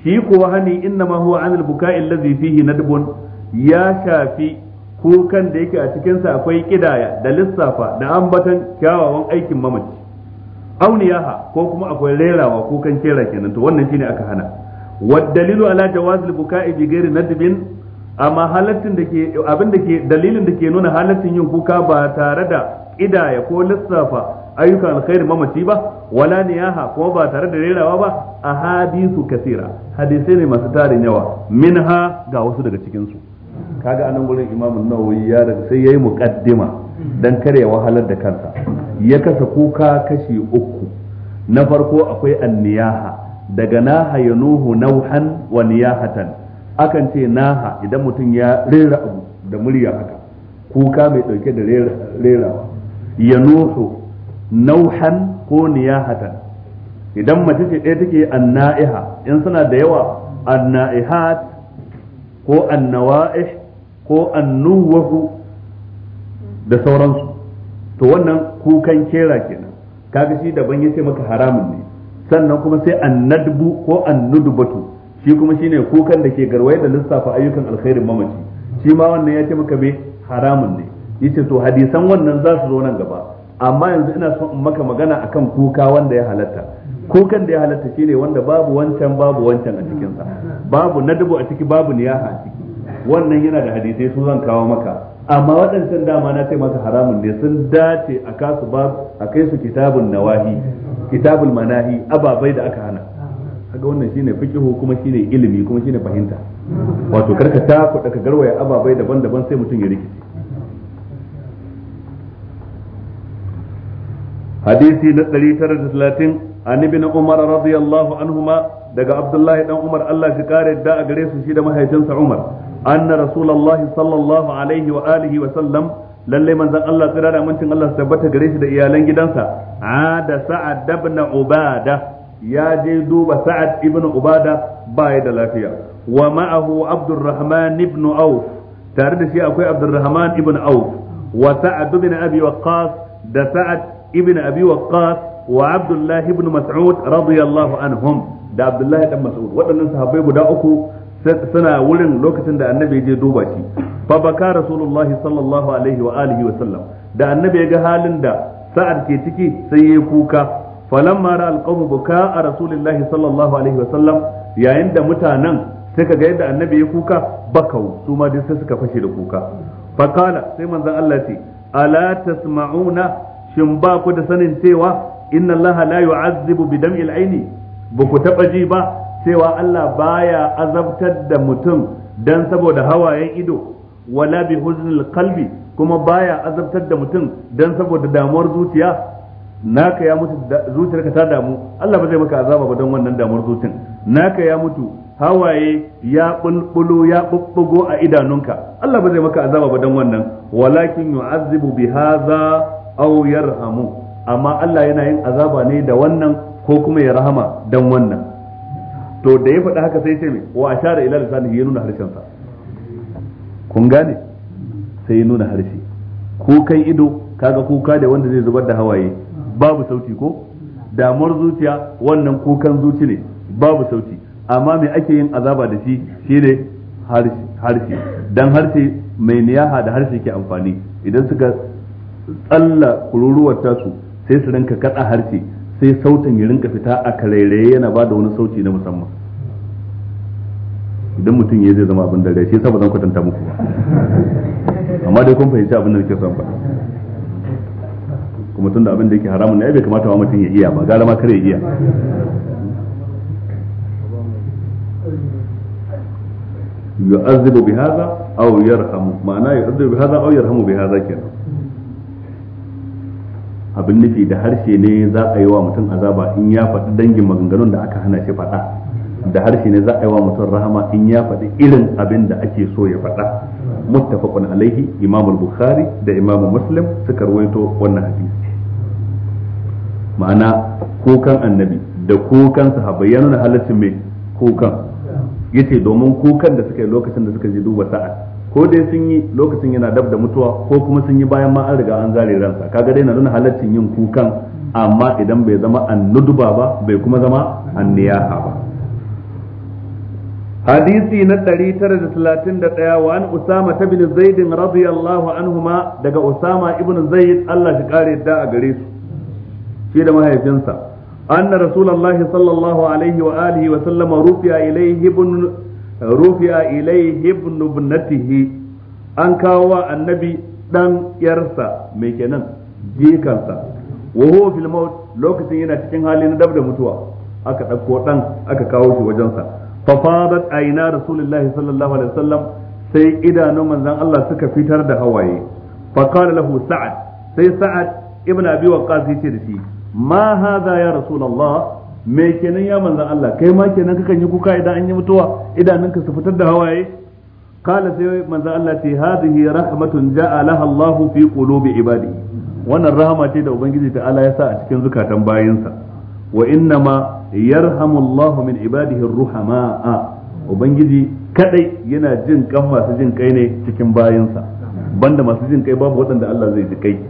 shi kuwa hani inna ma huwa anil buka'i allazi fihi nadbun ya shafi kukan da yake a cikinsa akwai kidaya da lissafa da ambatan kyawawan aikin mamaci auniyaha ko kuma akwai rerawa kukan kera kenan to wannan shine aka hana waddalilu ala jawazil buka'i bi ghairi nadbin amma halattin da ke abin da ke dalilin da ke nuna halattin yin kuka ba tare da kidaya ko lissafa ayyukan alkhairi mamaci ba wala niyaha ko ba tare da rerawa ba ahadisu kasira hadisai ne masu tarin yawa minha ga wasu daga cikinsu? kaga anan gurin imamu nawawi ya daga sai yayi muqaddima dan kare ya wahalar da kansa ya kasa kuka kashi uku na farko akwai anniyaha daga naha ya nuhu nauhan wa niyahatan akan ce naha idan mutum ya rera abu da murya haka kuka mai dauke da rerawa ya nuhu nauhan ko niyahatan idan mace ce ɗaya take anna'iha in suna da yawa anna'ihat ko annawa'ih ko annuwahu da sauransu to wannan kukan kera kenan kaga shi daban yace maka haramun ne sannan kuma sai annadbu ko annudbatu shi kuma shine kukan da ke garwaye da lissafa ayyukan alkhairin mamaci shi ma wannan yace maka be haramun ne yace to hadisan wannan za su zo nan gaba amma yanzu ina son in maka magana akan kuka wanda ya halatta kukan da ya halatta shine wanda babu wancan babu wancan a cikinsa babu nadbu a ciki babu niyaha a ciki wannan yana da hadisai su zan kawo maka amma waɗancan dama na ce masa haramun ne sun dace a kasu ba a kai su kitabun nawahi kitabul manahi ababai da aka hana kaga wannan shine fiqhu kuma shine ilimi kuma shine fahimta wato karka ta kuɗa ka garwaya ababai daban-daban sai mutum ya rikice hadisi na 930 an ibn umar radiyallahu anhuma daga Abdullahi dan Umar Allah shi kare da a gare su shi da mahaifinsa Umar anna rasulullahi sallallahu alaihi wa alihi wa sallam lalle manzon Allah tsira da amincin Allah su tabbata gare shi da iyalan gidansa ada sa'ad ibn ubada ya je duba sa'ad ibn ubada baya da lafiya wa ma'ahu abdurrahman ibn auf tare da shi akwai abdurrahman ibn auf wa sa'ad ibn abi waqqas da sa'ad ibn abi waqqas wa Abdullahi ibn Mas'ud radiyallahu anhum da Abdullahi dan Mas'ud waɗannan sahabai guda uku suna wurin lokacin da annabi je duba shi fa baka sallallahu alaihi wa alihi wa sallam da annabi ya ga halin da sa'ad ke ciki sai yayi kuka falamma ra alqawmu buka a rasulillahi sallallahu alaihi wa sallam yayin da mutanen suka ga yadda annabi ya kuka bakau suma ma dai sai suka fashe da kuka fa sai manzon Allah ce ala tasma'una shin ba da sanin cewa inna allaha la yu'azzibu bi dam'il aini ba ku taba ji ba cewa Allah baya azabtar da mutum dan saboda hawayen ido wala bi huznil qalbi kuma baya azabtar da mutum dan saboda damuwar zuciya naka ya mutu zuciyarka ta damu Allah ba zai maka azaba ba don wannan damuwar zuciyar naka ya mutu hawaye ya bulbulo ya bubbugo a idanunka Allah ba zai maka azaba ba don wannan walakin yu'azzibu bi hadha aw yarhamu amma Allah yana yin azaba ne da wannan ko kuma ya rahama dan wannan to da ya faɗi haka sai ce mai wa ashara ila lisanihi ya nuna harshen sa kun gane sai ya nuna harshe kukan ido kaga kuka da wanda zai zubar da hawaye babu sauti ko damar zuciya wannan kukan zuci ne babu sauti amma me ake yin azaba da shi shine harshe dan harshe mai niyaha da harshe ke amfani idan suka tsalla kururuwar tasu sai su rinka katsa harshe sai sautin ya rinka fita a karairaye yana ba da wani sauti na musamman idan mutum ya zai zama abin da rai shi yasa ba zan kwatanta muku ba amma dai kun fahimci abin da nake son ba kuma tunda abin da yake haramun ne bai kamata ma mutum ya iya ba gara ma kare ya iya yu'azzibu bihadha aw yarhamu ma'ana yu'azzibu bihadha aw yarhamu bihadha kenan abin nufi da harshe ne za a yi wa mutum azaba in ya faɗi dangin maganganun da aka hana shi faɗa da harshe ne za a yi wa mutum rahama in ya faɗi irin abin da ake so ya faɗa muttafaqun alaihi imam bukhari da imam muslim suka rawaito wannan hadisi ma'ana kukan annabi da kukan sahabbai ya nuna halaccin mai kukan yace domin kukan da suka yi lokacin da suka je duba sa'a ko dai sun yi lokacin yana dab da mutuwa ko kuma sun yi bayan ma an riga an zare ransa kaga dai na nuna halaccin yin kukan amma idan bai zama annuduba ba bai kuma zama anniyaha ba hadisi na 931 wa an usama ta bin zaid radiyallahu anhuma daga usama ibn zaid Allah shi kare da a gare su shi da mahaifinsa anna rasulullahi sallallahu alaihi wa alihi wa sallama rufiya ilaihi ibn rufi'a ilaihi ibn an kawo wa annabi dan yarsa mai kenan jikansa wa huwa fil maut lokacin yana cikin hali na dab da mutuwa aka ɗauko dan aka kawo shi wajensa fa fadat ayna rasulullahi sallallahu alaihi wasallam sai idanun manzon Allah suka fitar da hawaye fa qala lahu sa'ad sai sa'ad ibn abi waqqas yace da shi ma hadha ya rasulallah. me kenan ya manzan Allah kai ma kenan kakan yi kuka idan an yi mutuwa idanunka su fitar da hawaye kala sai manzan Allah ce hadhihi rahmatun ja'a laha Allahu fi qulubi ibadi wannan rahama ce da ubangiji ta Allah ya sa a cikin zukatan bayinsa wa inna ma yarhamu Allahu min ibadihi ruhamaa ubangiji kadai yana jin kan masu jin kai ne cikin bayinsa banda masu jin kai babu waɗanda Allah zai ji kai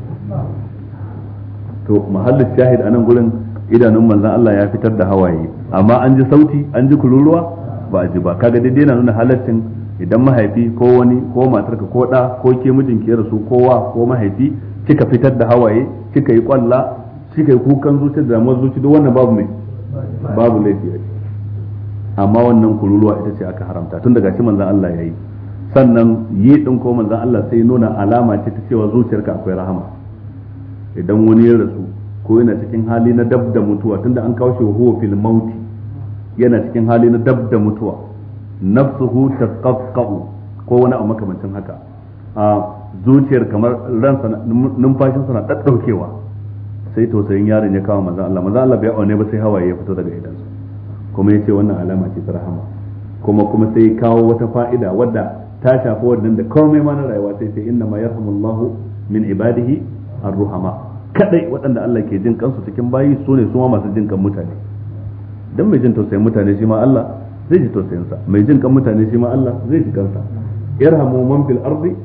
to mahallin shahid anan gurin idanun manzan Allah ya fitar da hawaye amma an ji sauti an ji kururuwa ba a ji ba kaga daidai yana nuna halaccin idan mahaifi ko wani ko matarka ko da ko ke mijinki ya rasu kowa ko mahaifi kika fitar da hawaye kika yi kwalla kika yi kukan zuci da damuwar zuci duk wannan babu mai babu laifi amma wannan kururuwa ita ce aka haramta tun daga shi manzan Allah yayi sannan yi din ko manzan Allah sai nuna alama ce ta cewa zuciyarka akwai rahama idan wani ya rasu ko yana cikin hali na dab da mutuwa tunda an kawo shi huwa fil mauti yana cikin hali na dab da mutuwa nafsuhu taqaqqa'u ko wani abu makamancin haka a zuciyar kamar ransa numfashinsa na daddaukewa sai tausayin yaron ya kawo manzon Allah manzon Allah bai aune ba sai hawaye ya fito daga idan. kuma yace wannan alama ce ta rahama kuma kuma sai kawo wata fa'ida wadda ta shafi wannan da komai ma na rayuwa sai sai inna ma yarhamullahu min ibadihi ar-ruhama kadai waɗanda Allah ke jin kansu cikin bayi su ne su ma masu jin kan mutane dan mai jin tausayin mutane shi ma Allah zai ji tausayinsa mai jin kan mutane shi ma Allah zai ji kansa yarhamu man fil ardi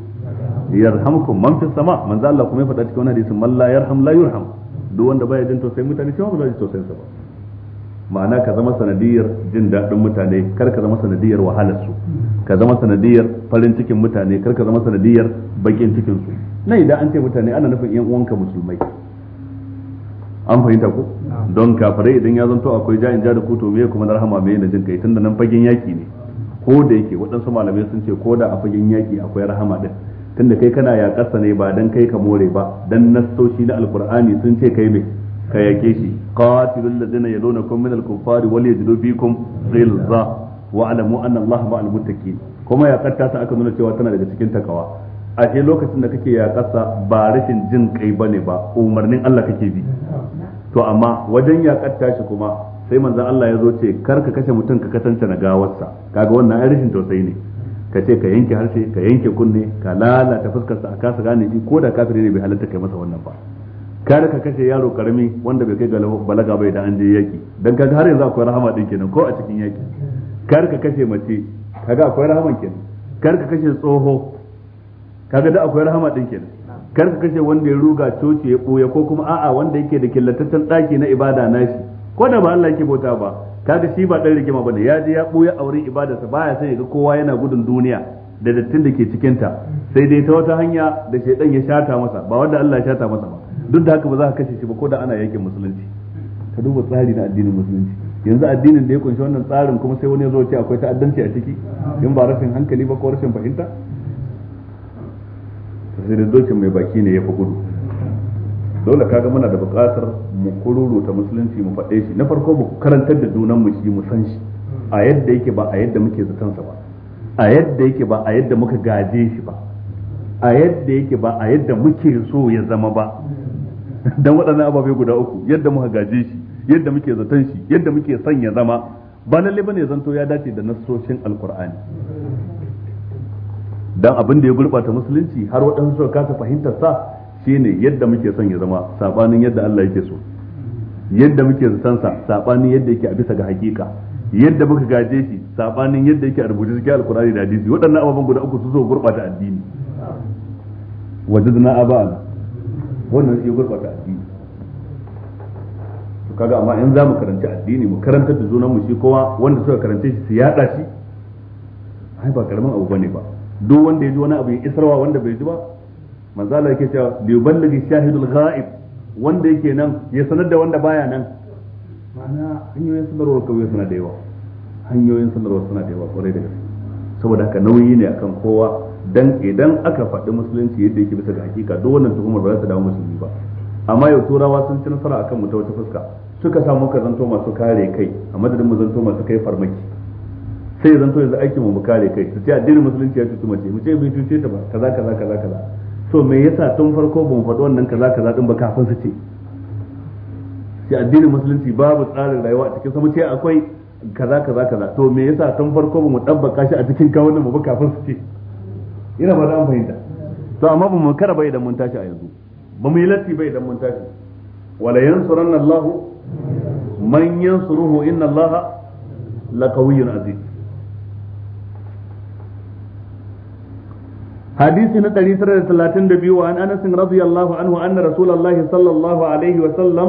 yarhamkum man fis sama manzo Allah kuma ya faɗa cikin wani hadisi, man la yarham la yurham duk wanda baya jin tausayin mutane shi ma ba zai ji tausayinsa ba ma'ana ka zama sanadiyar jin daɗin mutane kar ka zama sanadiyar su ka zama sanadiyar farin cikin mutane kar ka zama sanadiyar bakin cikinsu na idan an ce mutane ana nufin yan uwanka musulmai an fahimta ko don kafirai idan ya zanto akwai ja'in ja da kuto me kuma na rahama me na jin kai tunda nan fagen yaki ne ko da yake waɗansu malamai sun ce ko da a fagen yaki akwai rahama din tunda kai kana ya ƙasa ne ba dan kai ka more ba dan nassoshi na alkur'ani sun ce kai mai ka yake shi qatilul ladzina yalunakum min al-kuffari wal yajidu fikum ghilza wa alamu anna allaha ma'al muttaqin kuma ya katta ta aka nuna cewa tana daga cikin takawa ashe lokacin da kake ya kasa ba rashin jin kai bane ba umarnin Allah kake bi to amma wajen ya katta shi kuma sai manzon Allah ya zo ce kar ka kashe mutum ka kasance na gawarsa kaga wannan ai rashin tausayi ne ka ce ka yanke harshe ka yanke kunne ka lalata fuskarsa a kasa gane ko da kafiri ne bai halatta kai masa wannan ba kada ka kashe yaro karami wanda bai kai balaga bai da an je yaki dan kaga har yanzu akwai rahama din kenan ko a cikin yaki kar ka kashe mace kaga akwai rahama kenan kar ka kashe tsoho kaga da akwai rahama din kenan kar ka kashe wanda ya ruga coci ya boye ko kuma a'a wanda yake da killataccen daki na ibada nashi ko da ba Allah yake bauta ba kaga shi ba dan rigima bane ya je ya boye a wurin ibadarsa baya sai ga kowa yana gudun duniya da dattin da ke cikinta sai dai ta wata hanya da shaidan ya shata masa ba wanda Allah ya shata masa ba duk da haka ba za ka kashe shi ba ko da ana yakin musulunci ka duba tsari na addinin musulunci yanzu addinin da ya kunshi wannan tsarin kuma sai wani ya zo ce akwai ta'addanci a ciki in ba rashin hankali ba ko rashin fahimta sai da dokin mai baki ne ya fi gudu dole kaga muna da buƙatar mu kururuta musulunci mu faɗe shi na farko mu karantar da junan mu shi mu san shi a yadda yake ba a yadda muke zaton sa ba a yadda yake ba a yadda muka gaje shi ba a yadda yake ba a yadda muke so ya zama ba dan waɗannan ababe guda uku yadda muka gaje shi yadda muke zaton shi yadda muke son ya zama ba lalle bane zanto ya dace da nasoshin alqur'ani dan abin da ya gurbata musulunci har waɗansu suka kasa fahimtar sa shine yadda muke son ya zama sabanin yadda Allah yake so yadda muke zaton sa sabanin yadda yake a bisa ga hakika yadda muka gaje shi sabanin yadda yake a rubuce cikin alkur'ani da hadisi waɗannan ababen guda uku su zo gurbata addini wajidna aba'ana wannan shi gurbata addini to kaga amma in za mu karanta addini mu karantar da junan mu shi kowa wanda suka karance shi su yada shi ai ba karamin abu bane ba duk wanda ya ji wani abu ya isarwa wanda bai ji ba manzo Allah yake cewa bi ballaghi shahidul ghaib wanda yake nan ya sanar da wanda baya nan ma'ana hanyoyin sanarwar kawai suna da yawa hanyoyin sanarwar suna da yawa kwarai da gaske saboda haka nauyi ne akan kowa dan idan aka faɗi musulunci yadda yake bisa ga hakika duk wannan tuhumar ba za ta dawo musulmi ba amma yau turawa sun ci nasara akan mu ta wata fuska suka samu ka zanto masu kare kai a madadin mu zanto masu kai farmaki sai zanto yanzu aikin mu mu kare kai su ce addinin musulunci ya cutu mace mu ce bai cuce ta ba kaza kaza kaza kaza so me yasa tun farko ba mu faɗi wannan kaza kaza din ba kafin su ce sai addinin musulunci babu tsarin rayuwa a cikin sa mu ce akwai kaza kaza kaza to me yasa tun farko ba mu dabbaka shi a cikin kawunan mu ba kafin su ce ina ba an fahimta to amma ba mu kara bai idan mun tashi a yanzu ba mu yi latti bai idan mun tashi wala yansuranna Allah man yansuruhu inna Allah laqawiyyun aziz حديث نتري سر ثلاثين دبيو عن أنس رضي الله عنه أن رسول الله صلى الله عليه وسلم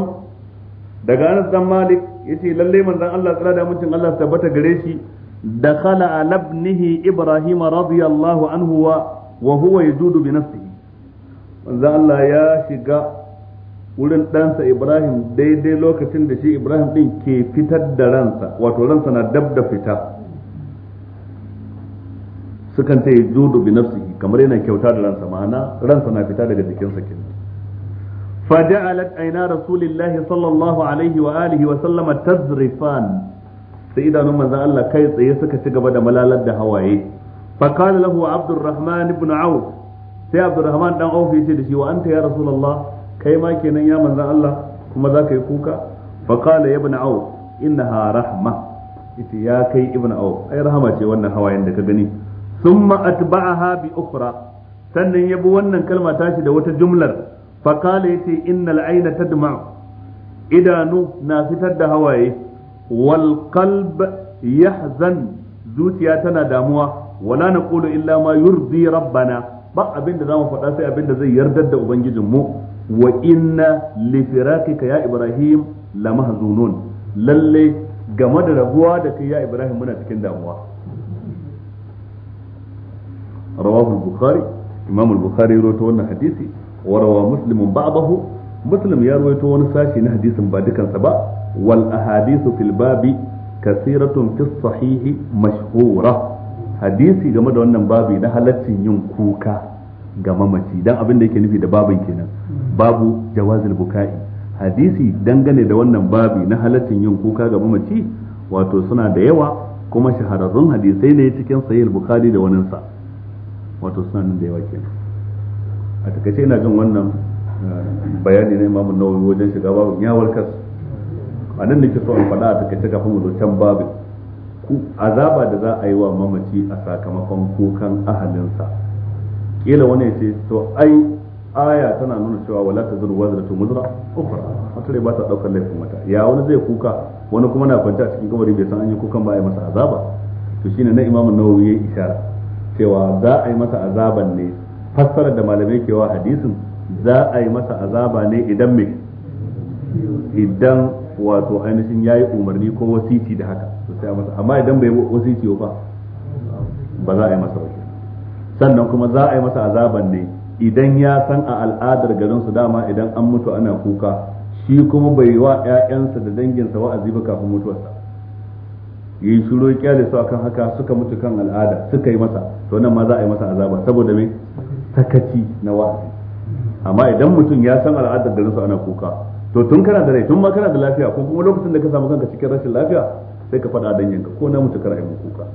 دقى أنس مالك يتي للي من الله صلى الله عليه وسلم الله ثبت قريشي دخل على ابنه إبراهيم رضي الله عنه وهو يجود بنفسه manzo Allah ya shiga wurin ɗansa Ibrahim daidai lokacin da shi Ibrahim ɗin ke fitar da ransa wato ransa na dab da fita sukan ce judu bi nafsihi kamar yana kyauta da ransa ma'ana ransa na fita daga jikinsa kenan فجعلت عينا rasulillahi sallallahu alaihi wa alihi wa sallama تذرفان sai idanun manzon Allah kai tsaye suka ci gaba da malalar da hawaye fa kana lahu Abdurrahman ibn Auf sai Abdurrahman dan Auf yace da shi wa anta ya Rasulullah kai ma kenan ya manzon Allah kuma za ka yi kuka fa ya ibn Auf innaha rahma ita ya kai ibn Auf ai rahama ce wannan hawayen da ka gani thumma atba'aha bi ukhra sannan ya bi wannan kalma tashi da wata jumlar fakala yace innal ayna tadma idanu na fitar da hawaye wal yahzan zuciya tana damuwa wala naqulu illa ma yurdi rabbana ba abinda da zamu faɗa sai abin da zai yarda da ubangijinmu wa inna li firaqika ya ibrahim la mahzunun lalle game da rabuwa da kai ya ibrahim muna cikin damuwa rawahu al-bukhari imam ya rawaito wannan hadisi wa rawa muslim ba'dahu muslim ya rawaito wani sashi na hadisin ba dukansa ba wal ahadithu fil babi kasiratun fi sahihi mashhura hadisi game da wannan babi na halaccin yin kuka ga mamaci dan abin da yake nufi da babin kenan babu jawazil buka'i hadisi dangane da wannan babi na halaccin yin kuka ga mamaci wato suna da yawa kuma shahararrun hadisai ne cikin sahih bukhari da waninsa wato suna nan da yawa kenan a takaice ina jin wannan eh, bayani ne mamun nawawi wajen shiga babu ya warkas a nan nake so in faɗa a takaice kafin mu can babu azaba da za a yi wa mamaci a sakamakon kukan ahalinsa kila wani ya ce to ai aya tana nuna cewa wala ta zuru wazra to muzra ukhra wata ba ta daukar laifin mata ya wani zai kuka wani kuma na kwanta cikin kabari bai san an yi kukan ba a yi masa azaba to shine na imamu nawawi ya ishara cewa za a yi masa azaban ne fassarar da malamai ke wa hadisin za a yi masa azaba ne idan me idan wato ainihin ya yi umarni ko wasiti da haka to sai masa amma idan bai wasiti ba ba za a yi masa ba sannan kuma za a yi masa azaban ne idan ya san a al'adar garin su dama idan an mutu ana kuka shi kuma bai wa ƴaƴansa da danginsa wa'azi ba kafin mutuwarsa yi shiro kyale su akan haka suka mutu kan al'ada suka yi masa to nan ma za a yi masa azaba saboda me sakaci na wa'azi amma idan mutum ya san al'adar garin su ana kuka to tun kana da rai tun ma kana da lafiya ko kuma lokacin da ka samu kanka cikin rashin lafiya sai ka faɗa dan yanka ko na mutu kar ai kuka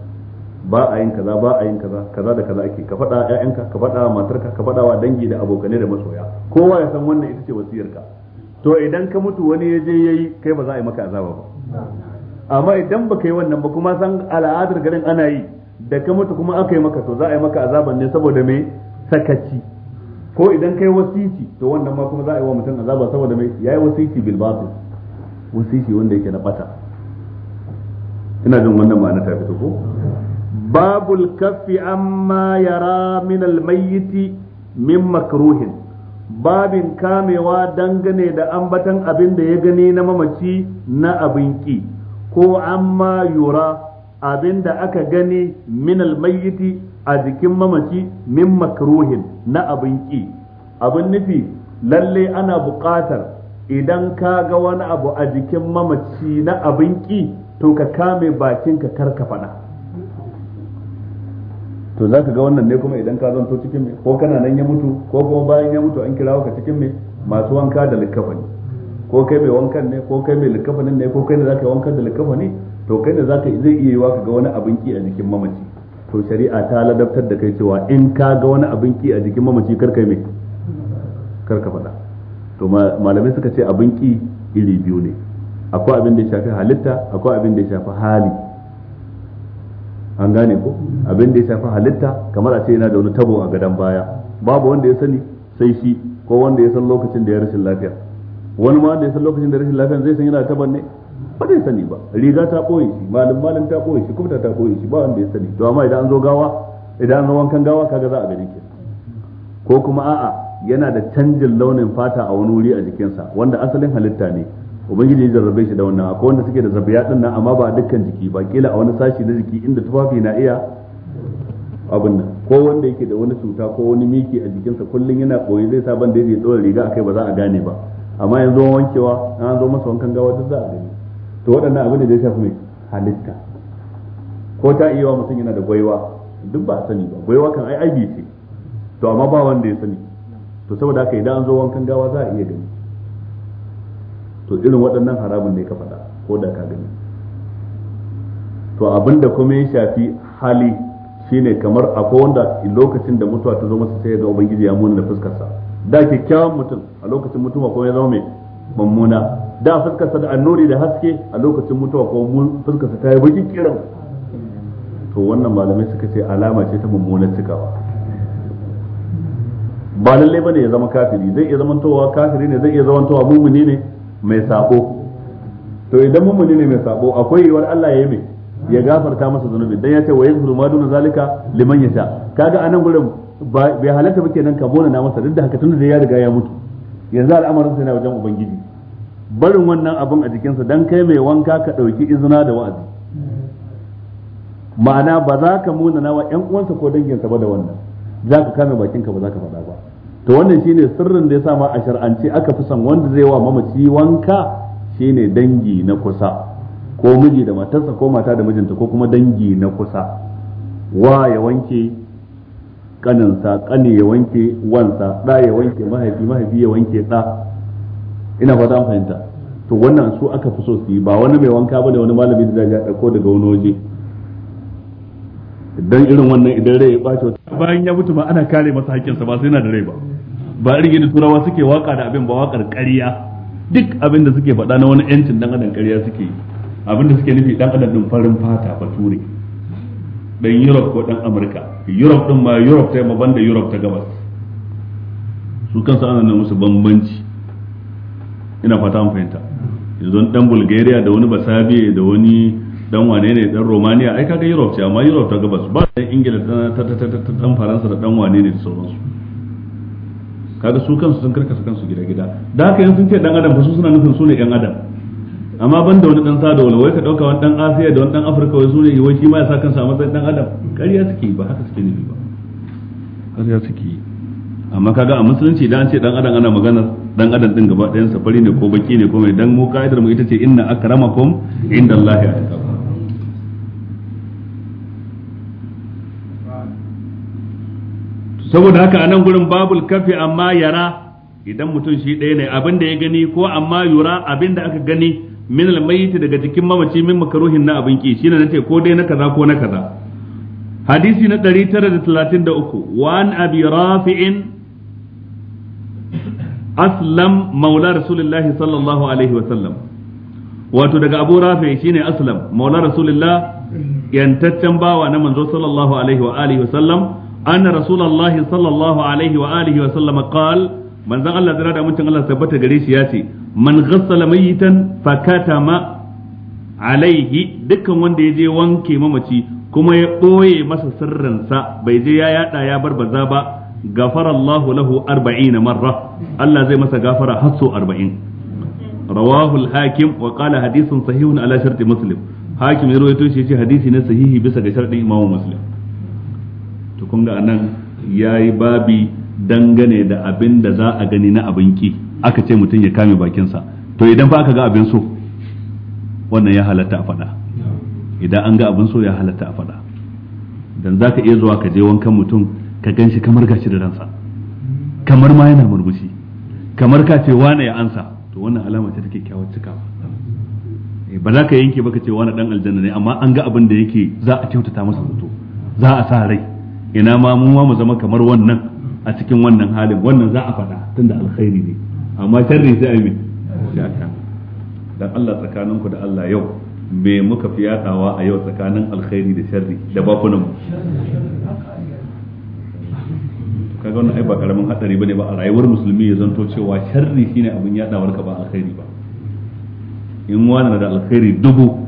ba a yin kaza ba a yin kaza kaza da kaza ake ka faɗa ƴaƴanka ka faɗa matarka ka faɗa wa dangi da abokanai da masoya kowa ya san wannan ita ce wasiyarka to idan ka mutu wani ya je yayi kai ba za a yi maka azaba ba amma idan ba ka yi wannan ba kuma san al'adar garin ana yi da ka mutu kuma aka yi maka to za a yi maka azaban ne saboda me sakaci ko idan kai wasiki to wannan ma kuma za a yi wa mutum azaba saboda mai yayi wasiki bil batil wasiki wanda yake na bata ina jin wannan ma'ana ta fito ko babul kaffi amma yara min al mayyiti min makruhin babin kamewa dangane da ambatan abin da ya gani na mamaci na abin ki ko amma yura abin da aka gani min al a jikin mamaci min makruhin na abin ki abin nufi lalle ana buƙatar idan ka ga wani abu a jikin mamaci na abin ki to ka kame bakinka kar ka faɗa to za ka ga wannan ne kuma idan ka zanto cikin mai ko kana nan ya mutu ko kuma bayan ya mutu an kirawo ka cikin mai masu wanka da likkafani ko kai mai wankan ne ko kai mai likkafanin ne ko kai ne za ka yi wankan da likkafani to kai ne za ka zai iya yiwa ka ga wani abin ki a jikin mamaci to shari'a ta ladabtar da kai cewa in ka ga wani abin ki a jikin mamaci karka mai karka faɗa to malamai suka ce abin ki iri biyu ne akwai abin da ya shafi halitta akwai abin da ya shafi hali an gane ko abin da ya shafi halitta kamar a ce yana da wani tabo a gadon baya babu wanda ya sani sai shi ko wanda ya san lokacin da ya rashin lafiya wani ma wanda ya san lokacin da rashin lafiya zai san yana taban ne ba zai sani ba riga ta koyi shi malin malin ta koyi shi kuma ta koyi shi ba wanda ya sani to amma idan an zo gawa idan an zo wankan gawa kaga za a gani ke ko kuma a'a yana da canjin launin fata a wani wuri a jikinsa wanda asalin halitta ne ubangiji ya jarrabe shi da wannan akwai wanda suke da zabiya din nan amma ba dukkan jiki ba kila a wani sashi na jiki inda tufafi na iya abin nan ko wanda yake da wani cuta ko wani miki a jikinsa kullum yana koyi zai sa ban da ya dora riga akai ba za a gane ba amma yanzu wankewa an zo masa wankan gawa duk za a gani to waɗannan abin da ya shafi mai halitta ko ta iya wa mutum yana da gwaiwa duk ba a sani ba gwaiwa kan ai aibi ce to amma ba wanda ya sani to saboda haka idan an zo wankan gawa za a iya gani to irin waɗannan haramun ne ka faɗa ko da ka gani to abin da kuma ya shafi hali shine kamar akwai wanda lokacin da mutuwa ta zo masa sai ya ga ubangiji ya muni da fuskarsa da kyakkyawan mutum a lokacin mutuwa kuma ya zama mai mummuna da fuskarsa da annuri da haske a lokacin mutuwa ko fuskarsa ta yi baki kiran to wannan malamai suka ce alama ce ta mummunar cikawa ba lallai bane ya zama kafiri zai iya zamantowa kafiri ne zai iya zamantowa mummuni ne mai sabo to idan mummuni ne mai sabo akwai yiwuwar Allah ya yi mai ya gafarta masa zunubi dan ya ce wa yaghfiru ma duna zalika liman yasha kaga anan gurin bai halatta ba kenan ka bona na masa duk da haka tunda ya riga ya mutu yanzu al'amarin sai na wajen ubangiji barin wannan abin a jikinsa don kai mai wanka ka ɗauki izina da wa'azi ma'ana ba za ka munana wa ƴan uwansa ko danginsa ba da wannan za ka kame bakinka ba za ka faɗa ba to wannan shine sirrin da ya sa ma a shar'ance aka fi son wanda zai wa mamaci wanka shine dangi na kusa ko miji da matarsa ko mata da mijinta ko kuma dangi na kusa wa ya wanke kaninsa kani ya wanke wansa Ɗa ya wanke mahaifi mahaifi ya wanke ɗa ina fata an fahimta to wannan su aka fi so su yi ba wani mai wanka bane wani malami da ya dauko daga wani waje dan irin wannan idan rai ya bace bayan ya mutu ma ana kare masa hakkinsa ba sai yana da rai ba ba irin da turawa suke waka da abin ba wakar ƙarya duk abin da suke faɗa na wani yancin dan adam ƙarya suke yi abin da suke nufi dan adam din farin fata bature dan Europe ko dan Amurka Europe din ma Europe ta yamma banda Europe ta gabas su kansu ana nan musu bambanci ina fata an fahimta yanzu dan bulgaria da wani basabiya da wani dan wane ne dan romania ai kaga europe ce amma europe ta gabas ba dan ingila ta ta ta ta dan faransa da dan wane ne da sauransu kaga su kansu sun karkasa kansu gida gida da haka yanzu sun ce dan adam ba su suna nufin su ne yan adam amma ban da wani dan sa da wai ka dauka wani dan asiya da wani dan afirka wai su ne wai shi ma ya sa kansa a matsayin dan adam kariya suke ba haka suke nufi ba kariya suke amma kaga a musulunci idan an ce dan adam ana magana dan adam din gaba ɗayan sa ne ko baki ne ko mai dan mu ka'idar mu ita ce inna akramakum indallahi atqakum saboda haka anan gurin babul kafi amma yara idan mutum shi ɗaya ne abin da ya gani ko amma yura abin da aka gani min almayyiti daga jikin mamaci min makaruhin na abin ki shine nace ko dai na kaza ko na kaza hadisi na 933 wa an abi rafi'in aslam maula rasulullahi sallallahu alaihi wa sallam wato daga abu rafi shine aslam maula rasulullah yantaccen bawa na manzo sallallahu alaihi wa alihi wa sallam anna rasulullahi sallallahu alaihi wa alihi wa sallam qal manzon Allah da da mutun Allah tabbata gare shi ya ce man ghassala mayitan fakatama alaihi dukkan wanda ya je wanke mamaci kuma ya ɓoye masa sirrinsa bai je ya yada ya barbaza ba غفر الله له أربعين مرة الله زي مسا غفر حسو أربعين رواه الحاكم وقال حديث صحيح على شرط مسلم حاكم يروي توشي حديث صحيح بس شرط إمام مسلم تكون أنا ya yi babi dangane da abin da za a gani na abin ki aka ce mutum ya kame bakinsa to idan ba aka ga abin so wannan ya halatta a faɗa idan an ga abin so ya halatta a faɗa dan za ka iya zuwa ka je wankan mutum ka gan shi kamar gashi da ransa kamar ma yana murmushi kamar ka ce wane ya ansa to wannan alama ce take kyawar cikawa eh, ba za ka yanke ba ka ce wani dan aljanna ne amma an ga abin da yake za a kyautata masa zato za a sa rai ina ma mu ma mu zama kamar wannan a cikin wannan halin wannan za a faɗa tunda alkhairi ne amma sharri sai a yi dan Allah tsakaninku da Allah yau me muka fi a yau tsakanin alkhairi da sharri da bakunan mu ga wannan ai ba karamin hadari bane ba a rayuwar musulmi ya zanto cewa sharri shine abin yadawar ka ba alkhairi ba in wani da alkhairi dubu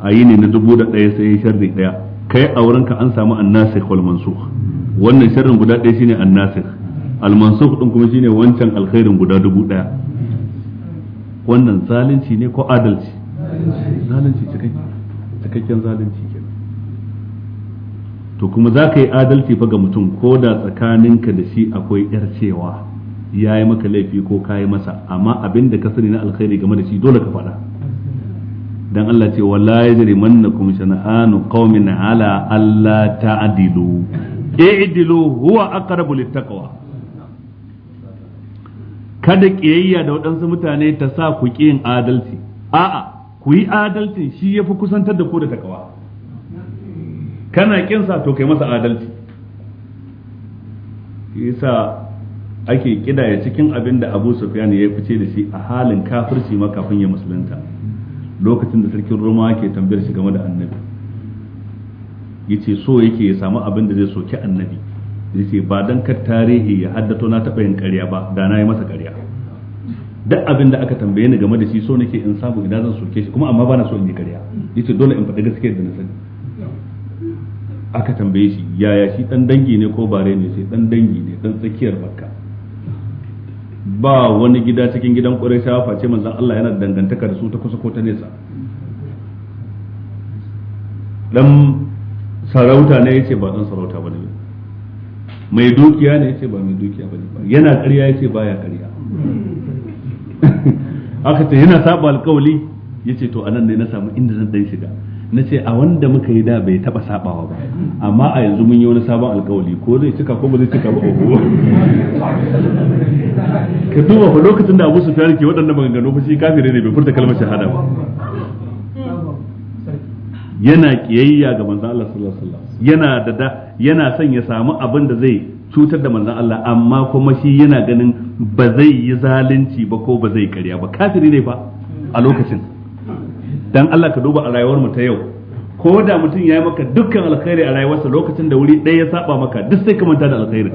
a yi ne na dubu da ɗaya sai sharri ɗaya kai a wurinka an samu annasikh wal mansukh wannan sharrin guda ɗaya shine annasikh al mansukh din kuma shine wancan alkhairin guda dubu ɗaya wannan zalunci ne ko adalci zalunci cikakken zalunci to kuma za ka yi adalci fa ga mutum ko da tsakaninka da shi akwai yar cewa ya yi maka laifi ko ka yi masa amma abin da ka sani na alkhairi game da shi dole ka faɗa dan Allah ce wala yajri kum shana'anu qaumin ala alla ta'dilu i'dilu huwa aqrabu littaqwa kada kiyayya da waɗansu mutane ta sa ku ƙi yin adalci a'a ku yi adalcin shi ya fi kusantar da ku da takawa kana kinsa to kai masa adalci yasa ake kidaya cikin abin da Abu Sufyan ya fice da shi a halin kafirci ma kafin ya musulunta lokacin da sarkin Roma ke tambayar shi game da annabi yace so yake ya samu abin da zai soki annabi yace ba dan kar tarihi ya haddato na taba yin ƙarya ba da na yi masa ƙarya duk abin da aka tambaye ni game da shi so nake in samu idan zan soke shi kuma amma bana so in yi ƙarya yace dole in faɗi gaskiyar da na sani aka tambaye shi yaya shi dan dangi ne ko bare ne sai dan dangi ne dan tsakiyar makka ba wani gida cikin gidan quraishawa face manzon Allah yana dangantaka da su ta kusa ko ta nesa dan sarauta ne yace ba dan sarauta bane mai dukiya ne yace ba mai dukiya bane yana ƙarya yace baya ƙarya aka ce yana saba alƙawali yace to anan ne na samu inda zan dan shiga na ce a wanda muka yi da bai taba sabawa ba amma a yanzu mun yi wani sabon alkawali ko zai cika ko ba zai cika ba ko ka duba fa lokacin da Abu Sufyan ke waɗannan maganganu fa shi kafire ne bai furta kalmar shahada ba yana kiyayya ga manzon Allah sallallahu alaihi wasallam yana da yana son ya samu abin da zai cutar da manzon Allah amma kuma shi yana ganin ba zai yi zalunci ba ko ba zai karya ba kafiri ne fa a lokacin dan Allah ka duba a rayuwar mu ta yau ko da mutum ya yi maka dukkan alkhairi a rayuwarsa lokacin da wuri ɗaya ya saba maka duk sai ka manta da alkhairi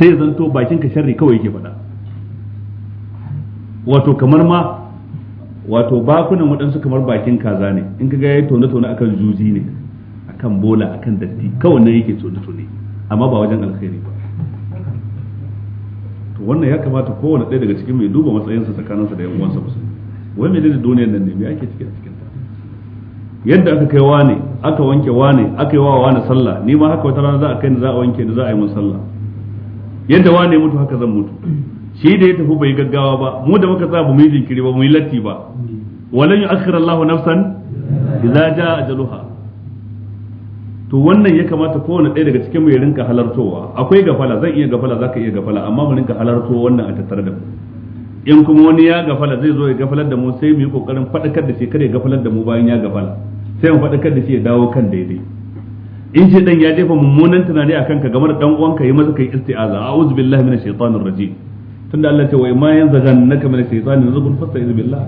sai zanto bakin ka sharri kawai yake faɗa wato kamar ma wato bakunan waɗansu kamar bakin kaza ne in ka ga ya tone tone akan juji ne akan bola akan datti kawai nan yake tone tone amma ba wajen alkhairi ba to wannan ya kamata kowane ɗaya daga cikin mai duba matsayinsa tsakaninsa da yan uwansa musulmi wai menene duniyar nan ne me ake ciki a cikin ta yadda aka kai wane aka wanke wane aka yi wa wane sallah ni ma haka wata rana za a kai ni za a wanke ni za a yi mun sallah yadda wane mutu haka zan mutu shi da ya tafi bai gaggawa ba mu da muka sa ba mu yi jinkiri ba mu yi latti ba walan yu'akhkhiru Allahu nafsan idza jaa ajaluha to wannan ya kamata kowane ɗaya daga cikin mu ya rinka halartowa akwai gafala zan iya gafala zaka iya gafala amma mu rinka halartowa wannan a tattare da mu in kuma wani ya gafala zai zo ya gafalar da mu sai mu yi kokarin faɗakar da shi kare gafalar da mu bayan ya gafala sai mu faɗakar da shi ya dawo kan daidai in shi dan ya jefa mummunan tunani a ka game da dan uwanka yi masa kai isti'aza a'udhu billahi minash shaitanir rajim tunda Allah ce wa imma yanzaghannaka minash shaitanir rajim fasta'iz billah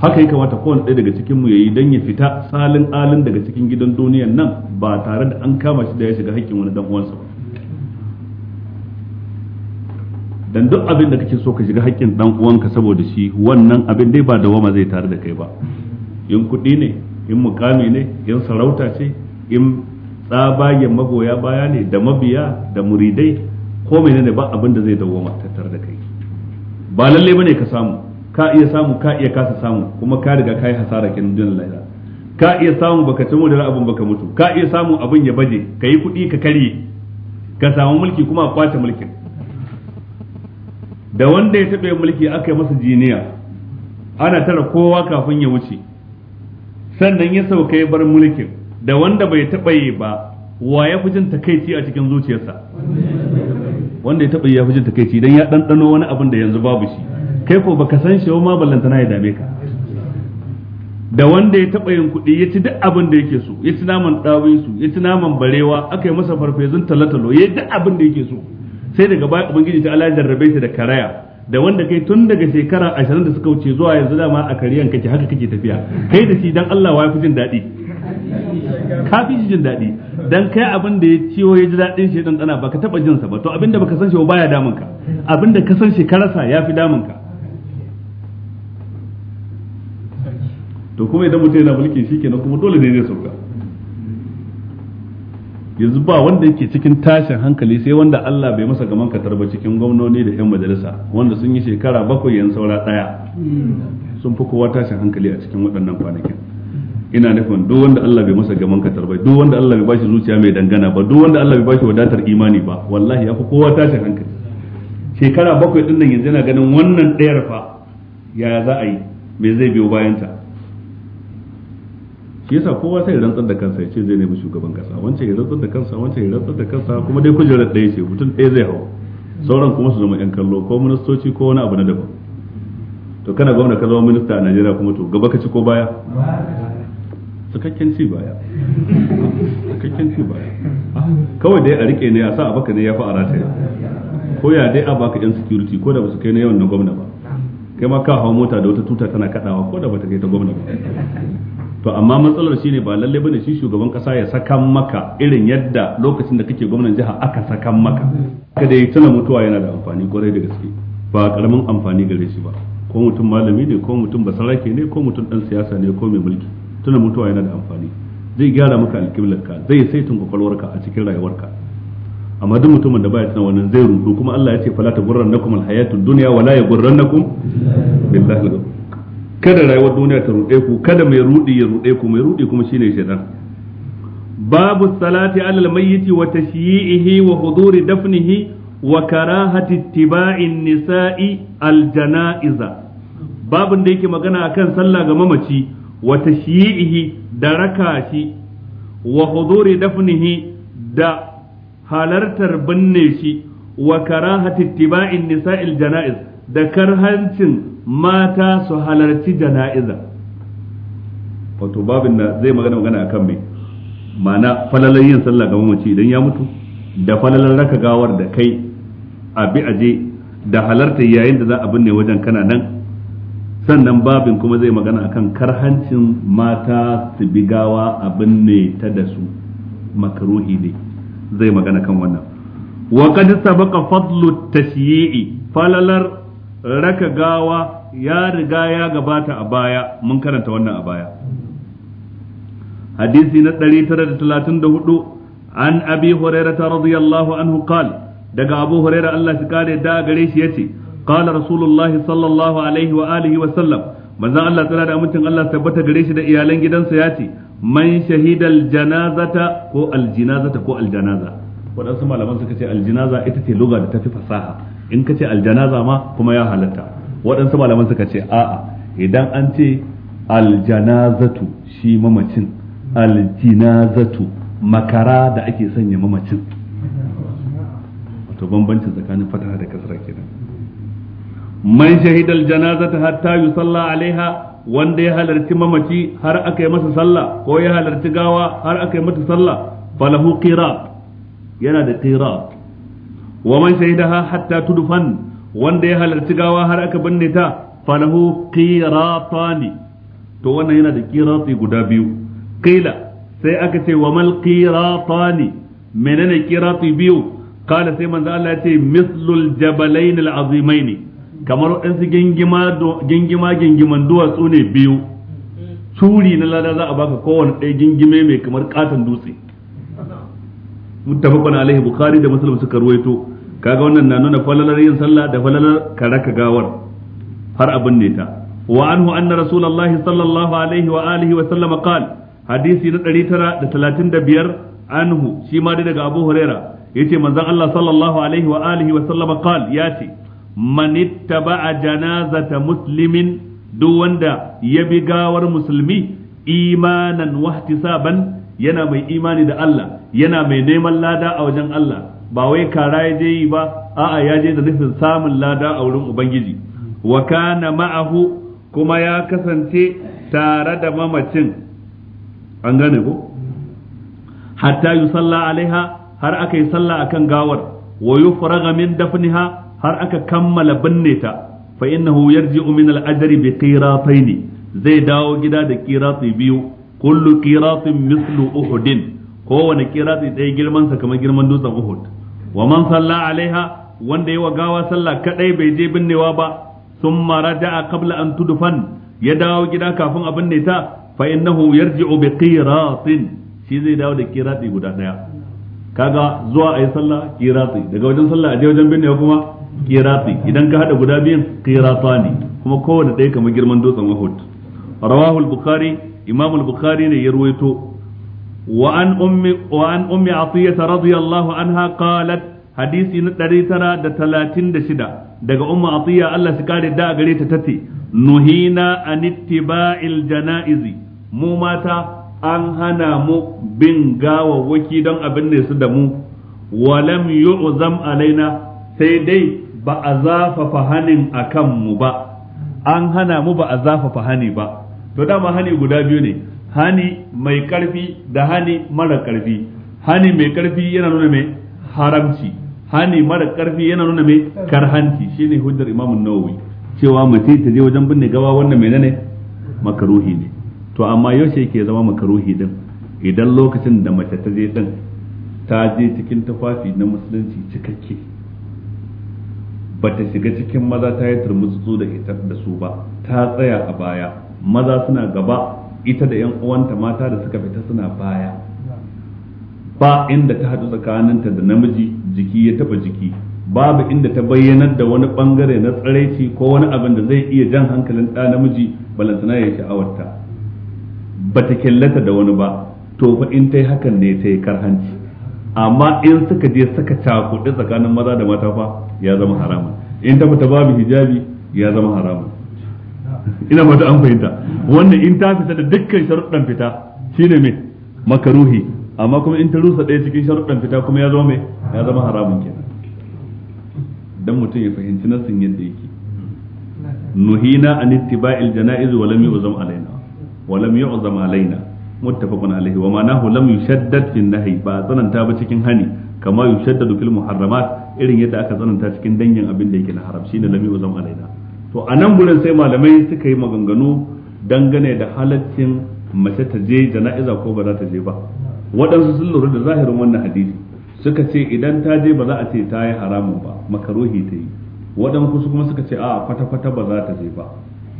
haka ya kamata kowane ɗaya daga cikin mu yayi dan ya fita salin alin daga cikin gidan duniyan nan ba tare da an kama shi da ya shiga haƙƙin wani dan uwansa ba dan duk abin da kake so ka shiga haƙƙin dan uwanka saboda shi wannan abin dai ba wama zai tare da kai ba in kuɗi ne in mukami ne in sarauta ce in tsabagen magoya baya ne da mabiya da muridai ko ne ba abin da zai dawoma tare da kai ba lalle bane ka samu ka iya samu ka iya kasa samu kuma ka riga kai hasara kin dun lahira ka iya samu baka ci mu da abin baka mutu ka iya samu abin ya baje ka yi kuɗi ka karye ka samu mulki kuma a kwace mulkin da wanda ya taɓa mulki aka yi masa jiniya ana tara kowa kafin ya wuce sannan ya sauka ya bar mulkin da wanda bai taɓa yi ba wa ya fi jin takaici a cikin zuciyarsa wanda ya taɓa yi ya fi jin takaici don ya ɗanɗano wani abin da yanzu babu shi kai ko baka san shi ma ballantana ya dame ka da wanda ya taɓa yin kuɗi ya ci duk abin da yake so ya ci naman su, ya ci naman barewa aka yi masa farfesun talotalo ya yi duk abin da yake so sai daga baya ubangiji ta Allah jarrabe shi da karaya da wanda kai tun daga shekara 20 da suka wuce zuwa yanzu dama a kariyan kake haka kake tafiya kai da shi dan Allah wa fi jin daɗi ka fi jin daɗi dan kai abin da ya ciwo ya ji daɗin shi dan dana baka taba jin sa ba to abin da baka san shi baya damun ka abin da ka san shi karasa ya yafi damun ka to kuma idan mutum yana shi kenan kuma dole ne zai sauka yanzu ba wanda yake cikin tashin hankali sai wanda Allah bai masa gaman katar ba cikin gwamnoni da 'yan majalisa wanda sun yi shekara bakwai yan saura ɗaya sun fi kowa tashin hankali a cikin waɗannan kwanakin ina nufin duk wanda Allah bai masa gaman katar ba duk wanda Allah bai bashi zuciya mai dangana ba duk wanda Allah bai bashi wadatar imani ba wallahi ya fi kowa tashin hankali shekara bakwai ɗin nan yanzu yana ganin wannan ɗayar fa yaya za a yi me zai biyo bayanta shi yasa kowa sai rantsar da kansa ya ce zai nemi shugaban kasa wance ya rantsar da kansa wance ya rantsar da kansa kuma dai kujerar ɗaya ce mutum ɗaya zai hau sauran kuma su zama yan kallo ko ministoci ko wani abu na daban to kana gwamna ka zama minista a Najeriya kuma to gaba ka ci ko baya cikakken ci baya cikakken ci baya kawai dai a rike ne a sa a baka ne ya fi a rataya ko ya dai a baka yan security ko da ba su kai na yawan na gwamna ba kai ma ka hau mota da wata tuta tana kadawa ko da ba ta kai ta gwamna ba to amma matsalar shine ba lalle bane shi shugaban kasa ya sakan maka irin yadda lokacin da kake gwamnan jiha aka sakan maka ka dai tana mutuwa yana da amfani gore da gaske ba karamin amfani gare shi ba ko mutum malami ne ko mutum basarake ne ko mutum dan siyasa ne ko mai mulki tana mutuwa yana da amfani zai gyara maka alkiblarka zai saitin kwakwalwarka a cikin rayuwarka amma duk mutumin da baya tana wannan zai rudu kuma Allah ya ce fala ta gurrannakum alhayatud dunya wala yagurrannakum billahi kada rayuwar duniya ta ruɗe ku kada mai ruɗi ya ruɗe ku mai ruɗi kuma shine shaitan babu salati alal mayyiti wa tashyi'ihi wa huduri dafnihi wa karahati tiba'in nisa'i al janaiza babun da yake magana akan sallah ga mamaci wa tashyi'ihi da raka shi wa huduri dafnihi da halartar binne shi wa karahati tiba'in nisa'il janaiz da karhancin mata su halarci jana'iza wato babin da zai magana magana akan mai ma'ana falalar yin sallah ga mamaci idan ya mutu da falalar raka gawar da kai a bi aje da halarta yayin da za a binne wajen kana nan sannan babin kuma zai magana akan karhancin mata su bi gawa a binne ta da su makaruhi ne zai magana kan wannan wa qad sabaqa fadlu tashyi'i falalar raka gawa ya riga ya gabata a baya mun karanta wannan a baya hadisi na 934 an abi ta radiyallahu anhu qala daga abu huraira Allah shi kare da gare shi yace qala rasulullah sallallahu alaihi wa alihi wa sallam manzon Allah tsara da mutun Allah tabbata gare shi da iyalan gidansa yace man shahidal janazata ko al janazata ko al waɗansu malaman suka ce aljinaza ita ce luga da tafi fasaha in ka ce aljanaza ma kuma ya halatta waɗansu malaman suka ce a'a idan an ce aljanazatu shi mamacin aljinazatu makara da ake sanya mamacin wato bambancin tsakanin fataha da kasra kenan man shahidal janazata hatta yusalla alaiha wanda ya halarci mamaci har aka yi masa sallah ko ya halarci gawa har aka yi mata sallah falahu qira yana da tira wa man shahidaha hatta tudfan wanda ya halarci gawa har aka binne ta falahu qiratani to wannan yana da qirati guda biyu qila sai aka ce wa mal qiratani menene qirati biyu kala sai manzo Allah ya ce mislul jabalain kamar kamar waɗansu gingima gingima gingiman duwatsu ne biyu turi na lada za a baka kowane ɗaya gingime mai kamar katon dutse muttafaqun alaihi bukhari da muslim suka ruwaito kaga wannan na nuna falalar yin sallah da falalar karaka gawar har abin ne ta wa anhu anna rasulullahi sallallahu alaihi wa alihi wa sallam qal hadisi na 935 anhu shi ma daga Abu Huraira yace manzon Allah sallallahu alaihi wa alihi wa sallama qal yace man ittaba'a janazata muslimin duk wanda ya bi gawar musulmi imanan wahtisaban yana mai imani da Allah yana mai neman lada a wajen Allah ba wai kara ya je yi ba a'a ya je da nufin samun lada a wurin ubangiji wa kana ma'ahu kuma ya kasance tare da mamacin an gane ko hatta yusalla alaiha har aka yi sallah akan gawar wa yufraga min dafniha har aka kammala binne ta fa innahu yarji'u min al-ajri bi qiratayn zai dawo gida da qirati biyu kullu qiratin mislu uhudin kowane qirati daya girmansa sa kamar girman dutsen uhud wa man salla alaiha wanda wa gawa sallah kadai bai je binnewa ba sun thumma raja'a qabla an tudfan ya dawo gida kafin a binne ta fa innahu yarji'u bi qiratin shi zai dawo da qirati guda daya kaga zuwa ayi sallah qirati daga wajen sallah a je wajen binnewa kuma qirati idan ka hada guda biyan qiratani kuma kowane dai kamar girman dutsen uhud Rawahul al-bukhari imam al-bukhari ne ya ruwaito wa an ummi wa an ummi atiyah radiyallahu anha da talatin da shida. daga umma atiya Allah shi kare da gare ta tace nuhina an ittiba'il janaizi mu mata an hana mu bin gawawwaki don a binne su da mu walam yu'zam alaina sai dai ba a zafafa hanin akan mu ba an hana mu ba a zafafa hani ba to dama hani guda biyu ne hani mai karfi da hani mara karfi hani mai karfi yana nuna mai haramci hani mara karfi yana nuna mai karhanci shine hujjar Imam Nawawi cewa mace ta je wajen binne gawa wannan menene makaruhi ne to amma yaushe yake zama makaruhi din idan lokacin da mace ta je din ta je cikin tufafi na musulunci cikakke ba ta shiga cikin maza ta yi turmutsu da ita da su ba ta tsaya a baya maza suna gaba ita da 'yan uwanta mata da suka fita suna baya ba inda ta haɗu tsakaninta da namiji jiki ya taɓa jiki babu inda ta bayyanar da wani bangare na tsiraici ko wani abin da zai iya jan hankalin ɗa namiji balantana ya sha'awarta ba ta kyallata da wani ba to fa in ta yi hakan ne ta yi karhanci amma in suka je suka cakuɗe tsakanin maza da mata fa ya zama haramun in ta fita babu hijabi ya zama haramun ina fata an fahimta wannan in ta fita da dukkan sharuɗan fita shine mai makaruhi amma kuma in ta rusa ɗaya cikin sharuɗan fita kuma ya zama mai ya zama haramun kenan dan mutum ya fahimci nasin yadda yake nuhina an ittiba'il janaiz wa lam yu'zam alaina wa lam yu'zam alaina muttafaqun alaihi wa ma'nahu lam yushaddad fi nahyi ba tsananta ba cikin hani kama yushaddadu fil muharramat irin yadda aka tsananta cikin dangin abin da yake na haram shine lam yu'zam alaina to a nan gurin sai malamai suka yi maganganu dangane da halaccin mace ta je jana'iza ko ba za ta je ba waɗansu sun lura da zahirin wannan hadisi suka ce idan ta je ba za a ce ta yi haramun ba makaruhi ta yi waɗansu kuma suka ce a kwata-kwata ba za ta je ba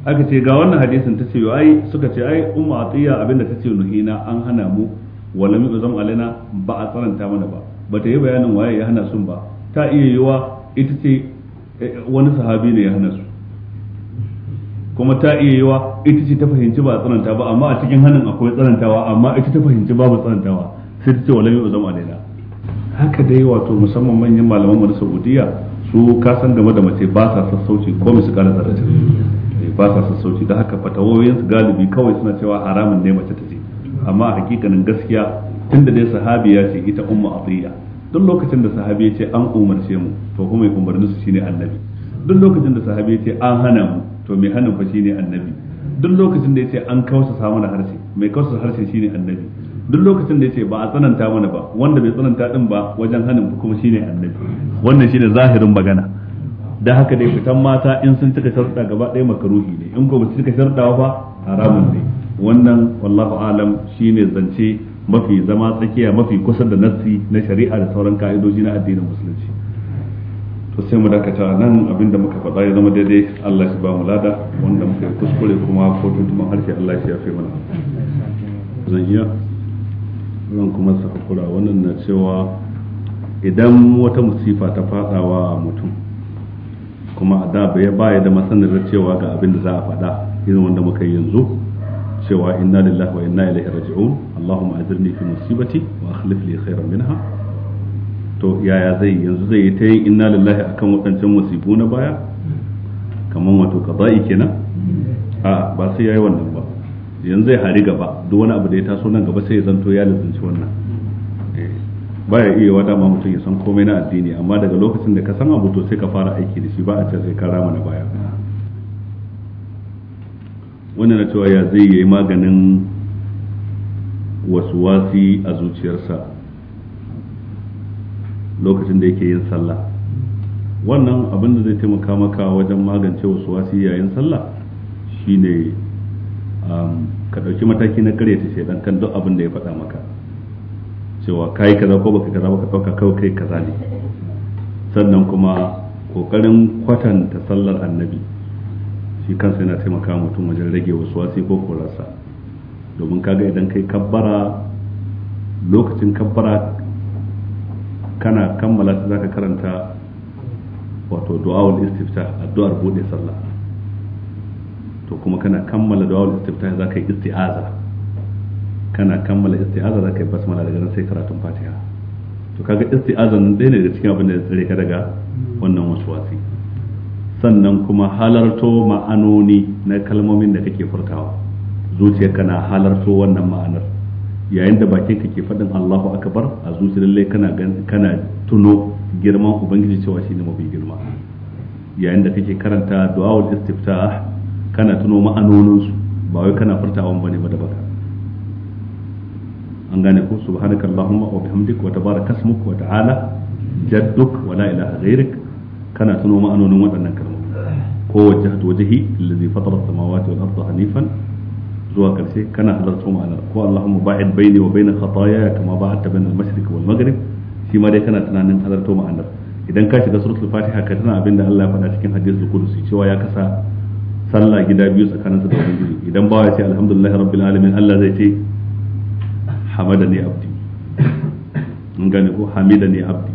aka ce ga wannan hadisin ta ce ai suka ce ai umma atiya abinda ta ce nuhina an hana mu walam yuzam alaina ba a tsananta mana ba bata yi bayanin waye ya hana sun ba ta iya yiwa ita ce eh, wani sahabi ne ya hana su kuma ta iya yiwa ita ce ta fahimci ba tsananta ba amma a cikin hannun akwai tsanantawa amma ita ta fahimci babu tsanantawa sai ta ce wa lamu zama daina haka dai wato musamman manyan malaman mu na Saudiya su ka san game da mace ba sa sassauci ko mu su kara daraja eh, ba sa sassauci da haka fatawoyin su galibi kawai suna cewa haramun ne mace ta ce amma a hakikanin gaskiya tunda dai sahabi ya ce ita umma atiya duk lokacin da sahabi ya ce an umarce mu to kuma umarnin su shine annabi duk lokacin da sahabi ya ce an hana mu to mai hannun fa shine annabi duk lokacin da yace an kausasa mana harshe mai kausasa harshe shine annabi duk lokacin da yace ba a tsananta mana ba wanda bai tsananta din ba wajen hannun fa kuma shine annabi wannan shine zahirin magana da haka dai fitan mata in sun cika sharuɗa gaba ɗaya makaruhi ne in ko ba su cika sharuɗa ba haramun ne wannan wallahu alam shine zance mafi zama tsakiya mafi kusa da nassi na shari'a da sauran ka'idoji na addinin musulunci to sai mu dakata nan abinda muka faɗa ya zama daidai Allah shi ba mu lada wanda muka kuskure kuma ko tuntuman harshe Allah shi ya fi mana zan iya zan kuma sa hakura wannan na cewa idan wata musifa ta faɗawa mutum kuma a da bai baya da cewa ga abin da za a faɗa irin wanda muka yi yanzu cewa inna lillahi wa inna ilaihi raji'un allahumma ajirni fi musibati wa akhlif li khairan minha to yaya zai yanzu zai yi ta yin inna lillahi akan waɗancan musibu na baya kamar wato ka kaza'i kenan a ba sai yayi wannan ba yanzu zai hari gaba duk wani abu da ya taso nan gaba sai ya zanto ya lazanci wannan eh, baya iya wata ma mutum ya san komai na addini amma daga lokacin da ka san abu to sai ka fara aiki da shi ba a ce sai ka rama na baya wannan na cewa ya zai yi maganin wasu wasi a zuciyarsa lokacin da yake yin sallah wannan abin da zai taimaka maka wajen magance wasu wasi yayin sallah shine um, ka ɗauki mataki na kare ta shaidan kan duk abin da ya faɗa maka cewa kayi kaza ko baka kaza baka ɗauka kawai kai kaza ne sannan kuma ƙoƙarin kwatanta sallar annabi shi kansa yana taimaka mutum wajen rage wasu wasi ko korarsa domin kaga idan kai kabbara lokacin kabbara kana kammala ta zaka karanta wato du'awul istifta addu'ar bude sallah to kuma kana kammala du'awul istifta zaka yi isti'aza kana kammala isti'aza zaka yi basmala daga nan sai karatun fatiha to kaga isti'azan nan ɗaya ne daga cikin abin da ya tsare ka daga wannan wasuwasi sannan kuma halarto ma'anoni na kalmomin da kake furtawa zuciyarka na halarto wannan ma'anar yayin da bakin ka ke faɗin Allahu akbar a zuci lalle kana kana tuno girman ubangiji cewa shine mafi girma yayin da kake karanta du'aul istiftah kana tuno ma'anonin su ba wai kana furtawan bane ba da baka an gane ko subhanakallahumma wa bihamdika wa tabaraka ismuk wa ta'ala jadduk wa la ilaha ghairik kana tuno ma'anonin waɗannan kalmomi ko wajjahtu wajhi lillazi fatara as-samawati wal arda hanifan zuwa karshe kana halarta ma'anar ko Allahumma ba'id baini wa baina khataaya kama ba'adta bainal mashriqi wal maghrib shi ma dai kana tunanin halarta ma'anar idan ka shiga suratul fatiha ka tana abinda Allah ya faɗa cikin hadisul qudsi cewa ya kasa sallah gida biyu tsakanin da ubangiji idan ba ya ce alhamdulillah rabbil alamin Allah zai ce hamadani abdi in gane ko hamidani abdi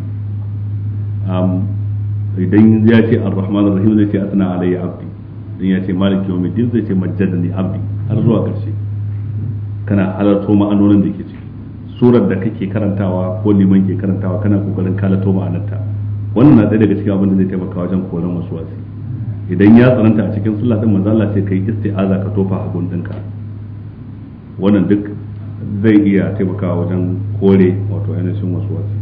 idan ya ce ar-rahman ar-rahim zai ce asna alayya abdi idan ya ce malik yawmiddin zai ce majjadani abdi har zuwa ƙarshe kana halarto ma'anonin da ke ciki surar da kake karantawa ko liman ke karantawa kana kokarin kalato ma'anarta wannan na ɗaya daga cikin abin da zai taimaka wajen koran wasu wasi idan ya tsananta a cikin sallah din manzo Allah kai isti'aza ka tofa a gundinka wannan duk zai iya taimakawa wajen kore wato ainihin wasu wasi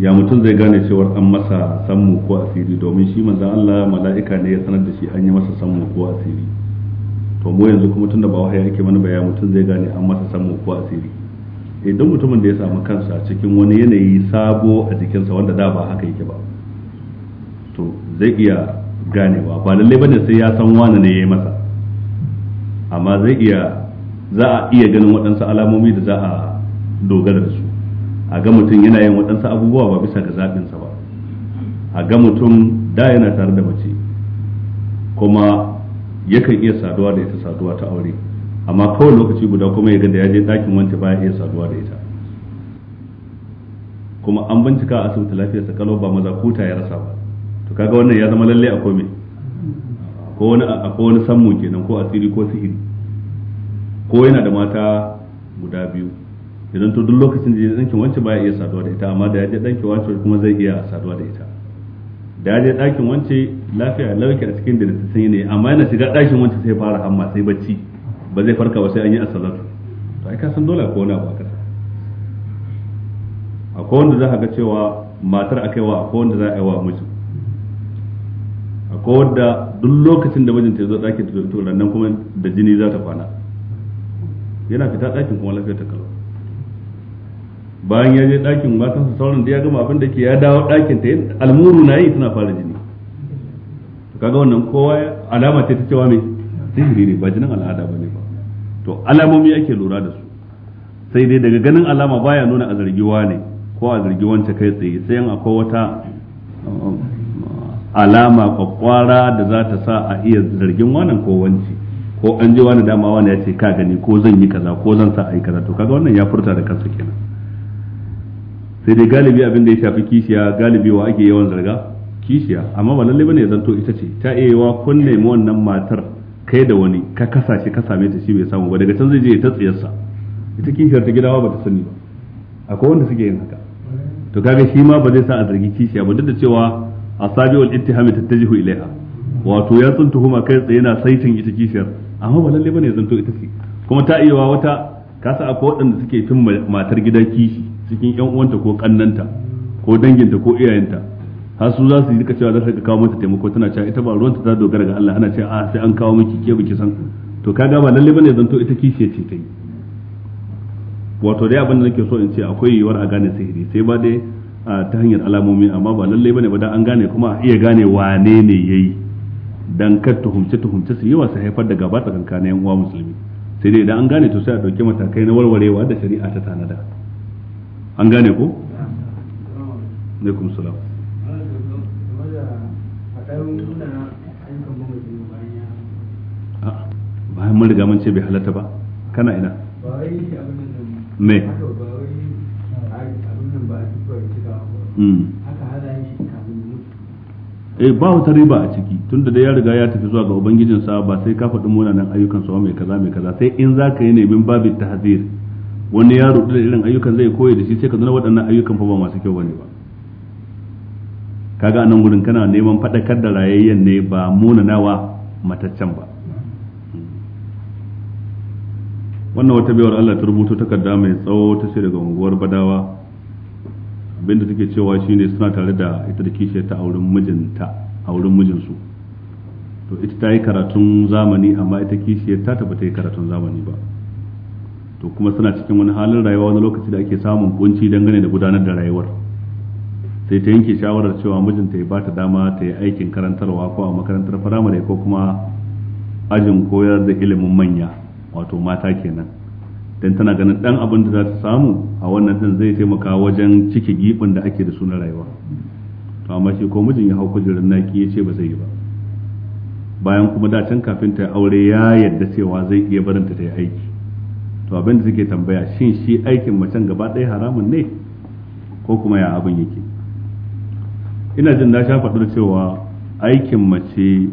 ya mutum zai gane cewar an masa sammu ko asiri domin shi manzan Allah mala'ika ne ya sanar da shi an yi masa sammu ko asiri to mu yanzu kuma tun da ba wahayi ake mana ba ya mutum zai gane an masa sammu ko asiri idan eh, mutumin da ya samu kansa cikin wani yanayi sabo a jikinsa wanda da ba haka yake ba to zai iya ganewa ba lalle bane sai ya san wani ne ya yi masa amma zai iya za a iya ganin waɗansu alamomi da za a dogara da su a ga mutum yana yin waɗansu abubuwa ba bisa ga zaɓinsa ba a ga mutum da yana tare da mace kuma yakan iya saduwa da ita saduwa ta aure amma kawai lokaci guda kuma ya ga da ya je ɗakin wance baya iya saduwa da ita kuma an bincika a asibiti lafiyarsa sakalo ba maza kuta ya rasa ba to kaga wannan ya zama lalle a me ko wani ko wani kenan ko asiri ko sihiri ko yana da mata guda biyu idan to duk lokacin da ya dankin wance baya iya saduwa da ita amma da ya je dankin wance kuma zai iya saduwa da ita da ya je dakin wance lafiya lauke a cikin da ta ne amma yana shiga dakin wance sai fara hamma sai bacci ba zai farka ba sai an yi asalatu to ai ka san dole ko wani abu aka akwai wanda za ka ga cewa matar akai wa akwai wanda za a yi wa miji akwai wanda duk lokacin da mijinta ya zo dakin ta to nan kuma da jini za ta kwana yana fita ɗakin kuma lafiya ta kalau bayan ya je ɗakin matansa sauran da ya gama abin da ke ya dawo ɗakin ta almuru na yi suna fara jini kaga wannan kowa alama ce ta cewa mai sihiri ne ba jinin al'ada ba ne ba to alamomi ake lura da su sai dai daga ganin alama baya nuna a zargiwa ne ko a zargi wancan kai tsaye sai akwai wata um, alama kwakwara da za ta sa a iya zargin wannan ko wanci ko an ji wani dama wani ya ce ka gani ko zan yi kaza ko zan sa a yi kaza to kaga wannan ya furta da kansa kenan sai dai galibi abin da ya shafi kishiya galibi wa ake yawan zarga kishiya amma ba lalle bane ya zanto ita ce ta iya yawa kun nemi wannan matar kai da wani ka kasa shi ka same ta shi bai samu ba daga can zai je ta sa ita kishiyar ta gidawa ba ta sani ba akwai wanda suke yin haka to kaga shi ma ba zai sa a zargi kishiya ba duk da cewa asabiul ittihami tattajihu ilaiha wato ya tuhuma kai tsaye na saitin ita kishiyar amma ba lalle bane ya zanto ita ce kuma ta iya wata kasa akwai waɗanda suke tun matar gida kishi cikin yan uwanta ko kannanta ko danginta ko iyayenta har su za su yi cewa za su kawo mata taimako tana cewa ita ba ruwanta ta dogara ga Allah ana cewa a sai an kawo miki ke biki san to kaga ba lalle bane zanto ita kishiya ce ta wato dai abin da nake so in ce akwai yiwuwar a gane sihiri sai ba dai ta hanyar alamomi amma ba lalle bane ba dan an gane kuma a iya gane wane ne yayi dan kar tuhumce tuhumce su yawa su haifar da gaba tsakanin yan uwa musulmi sai dai idan an gane to sai a dauki matakai na warwarewa da shari'a ta tanada an gane ko kuma salam bayan mun riga mun ce bai halatta ba kana ina me hmm. eh ba wata riba a ciki tunda da ya riga ya tafi zuwa ga ubangijinsa ba sai ka faɗi munanan ayyukan sawa mai kaza mai kaza sai in za ka yi nemin min babin tahzir wani yaro rudu da irin ayyukan zai koyi da shi sai ka zana waɗannan ayyukan fa ba masu kyau bane ba kaga anan gurin kana neman faɗakar da rayayyen ne ba munanawa mataccen ba wannan wata biyar Allah ta rubuto takarda mai tsawo ta ce daga unguwar badawa abinda take cewa shine suna tare da ita da kishiyar ta auren mijinta auren mijinsu to ita ta yi karatun zamani amma ita kishiyar ta tabbata yi karatun zamani ba to kuma suna cikin wani halin rayuwa wani lokaci da ake samun kunci dangane da gudanar da rayuwar sai ta yanke shawarar cewa mijinta ya bata dama ta yi aikin karantarwa ko a makarantar firamare ko kuma ajin koyar da ilimin manya wato mata kenan dan tana ganin dan abin da za ta samu a wannan din zai taimaka wajen cike gibin da ake da su rayuwa to amma shi ko mijin ya hau kujerar naki ya ce ba zai yi ba bayan kuma da can kafin ta aure ya yadda cewa zai iya barinta ta yi aiki to abin da suke tambaya shin shi aikin macen gaba ɗaya haramun ne ko kuma ya abin yake ina jin na sha faɗar cewa aikin mace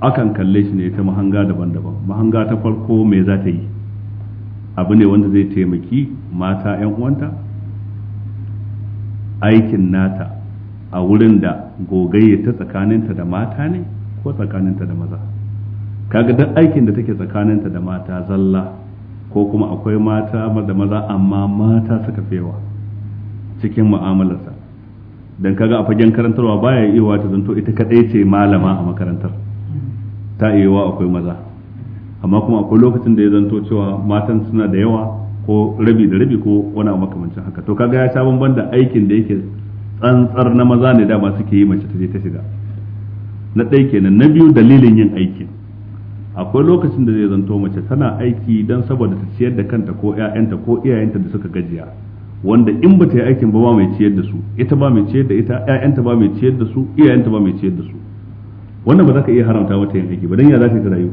akan kalle shi ne ta mahanga daban-daban mahanga ta farko me za ta yi abu ne wanda zai taimaki mata 'yan uwanta aikin nata a wurin da gogayya ta tsakaninta da mata ne ko tsakaninta da maza kaga duk aikin da take tsakaninta da mata zalla ko kuma akwai mata da maza amma mata suka yawa cikin mu'amalarsa dan kaga a fagen karantarwa baya iya ta zanto ita kadai ce malama a makarantar ta iya akwai maza amma kuma akwai lokacin da ya zanto cewa matan suna da yawa ko rabi da rabi ko wani makamancin haka to kaga ya sha bamban da aikin da yake tsantsar na maza ne dama suke yi mace ta je ta shiga na ɗaya kenan na biyu dalilin yin aikin akwai lokacin da zai zanto mace tana aiki don saboda ta ciyar da kanta ko 'ya'yanta ko iyayenta da suka gajiya wanda in ba ta yi aikin ba ba mai ciyar da su ita ba mai ciyar da ita 'ya'yanta ba mai ciyar da su iyayenta ba mai ciyar da su wannan ba za ka iya haramta mata yin aiki ba don ya za ta yi rayu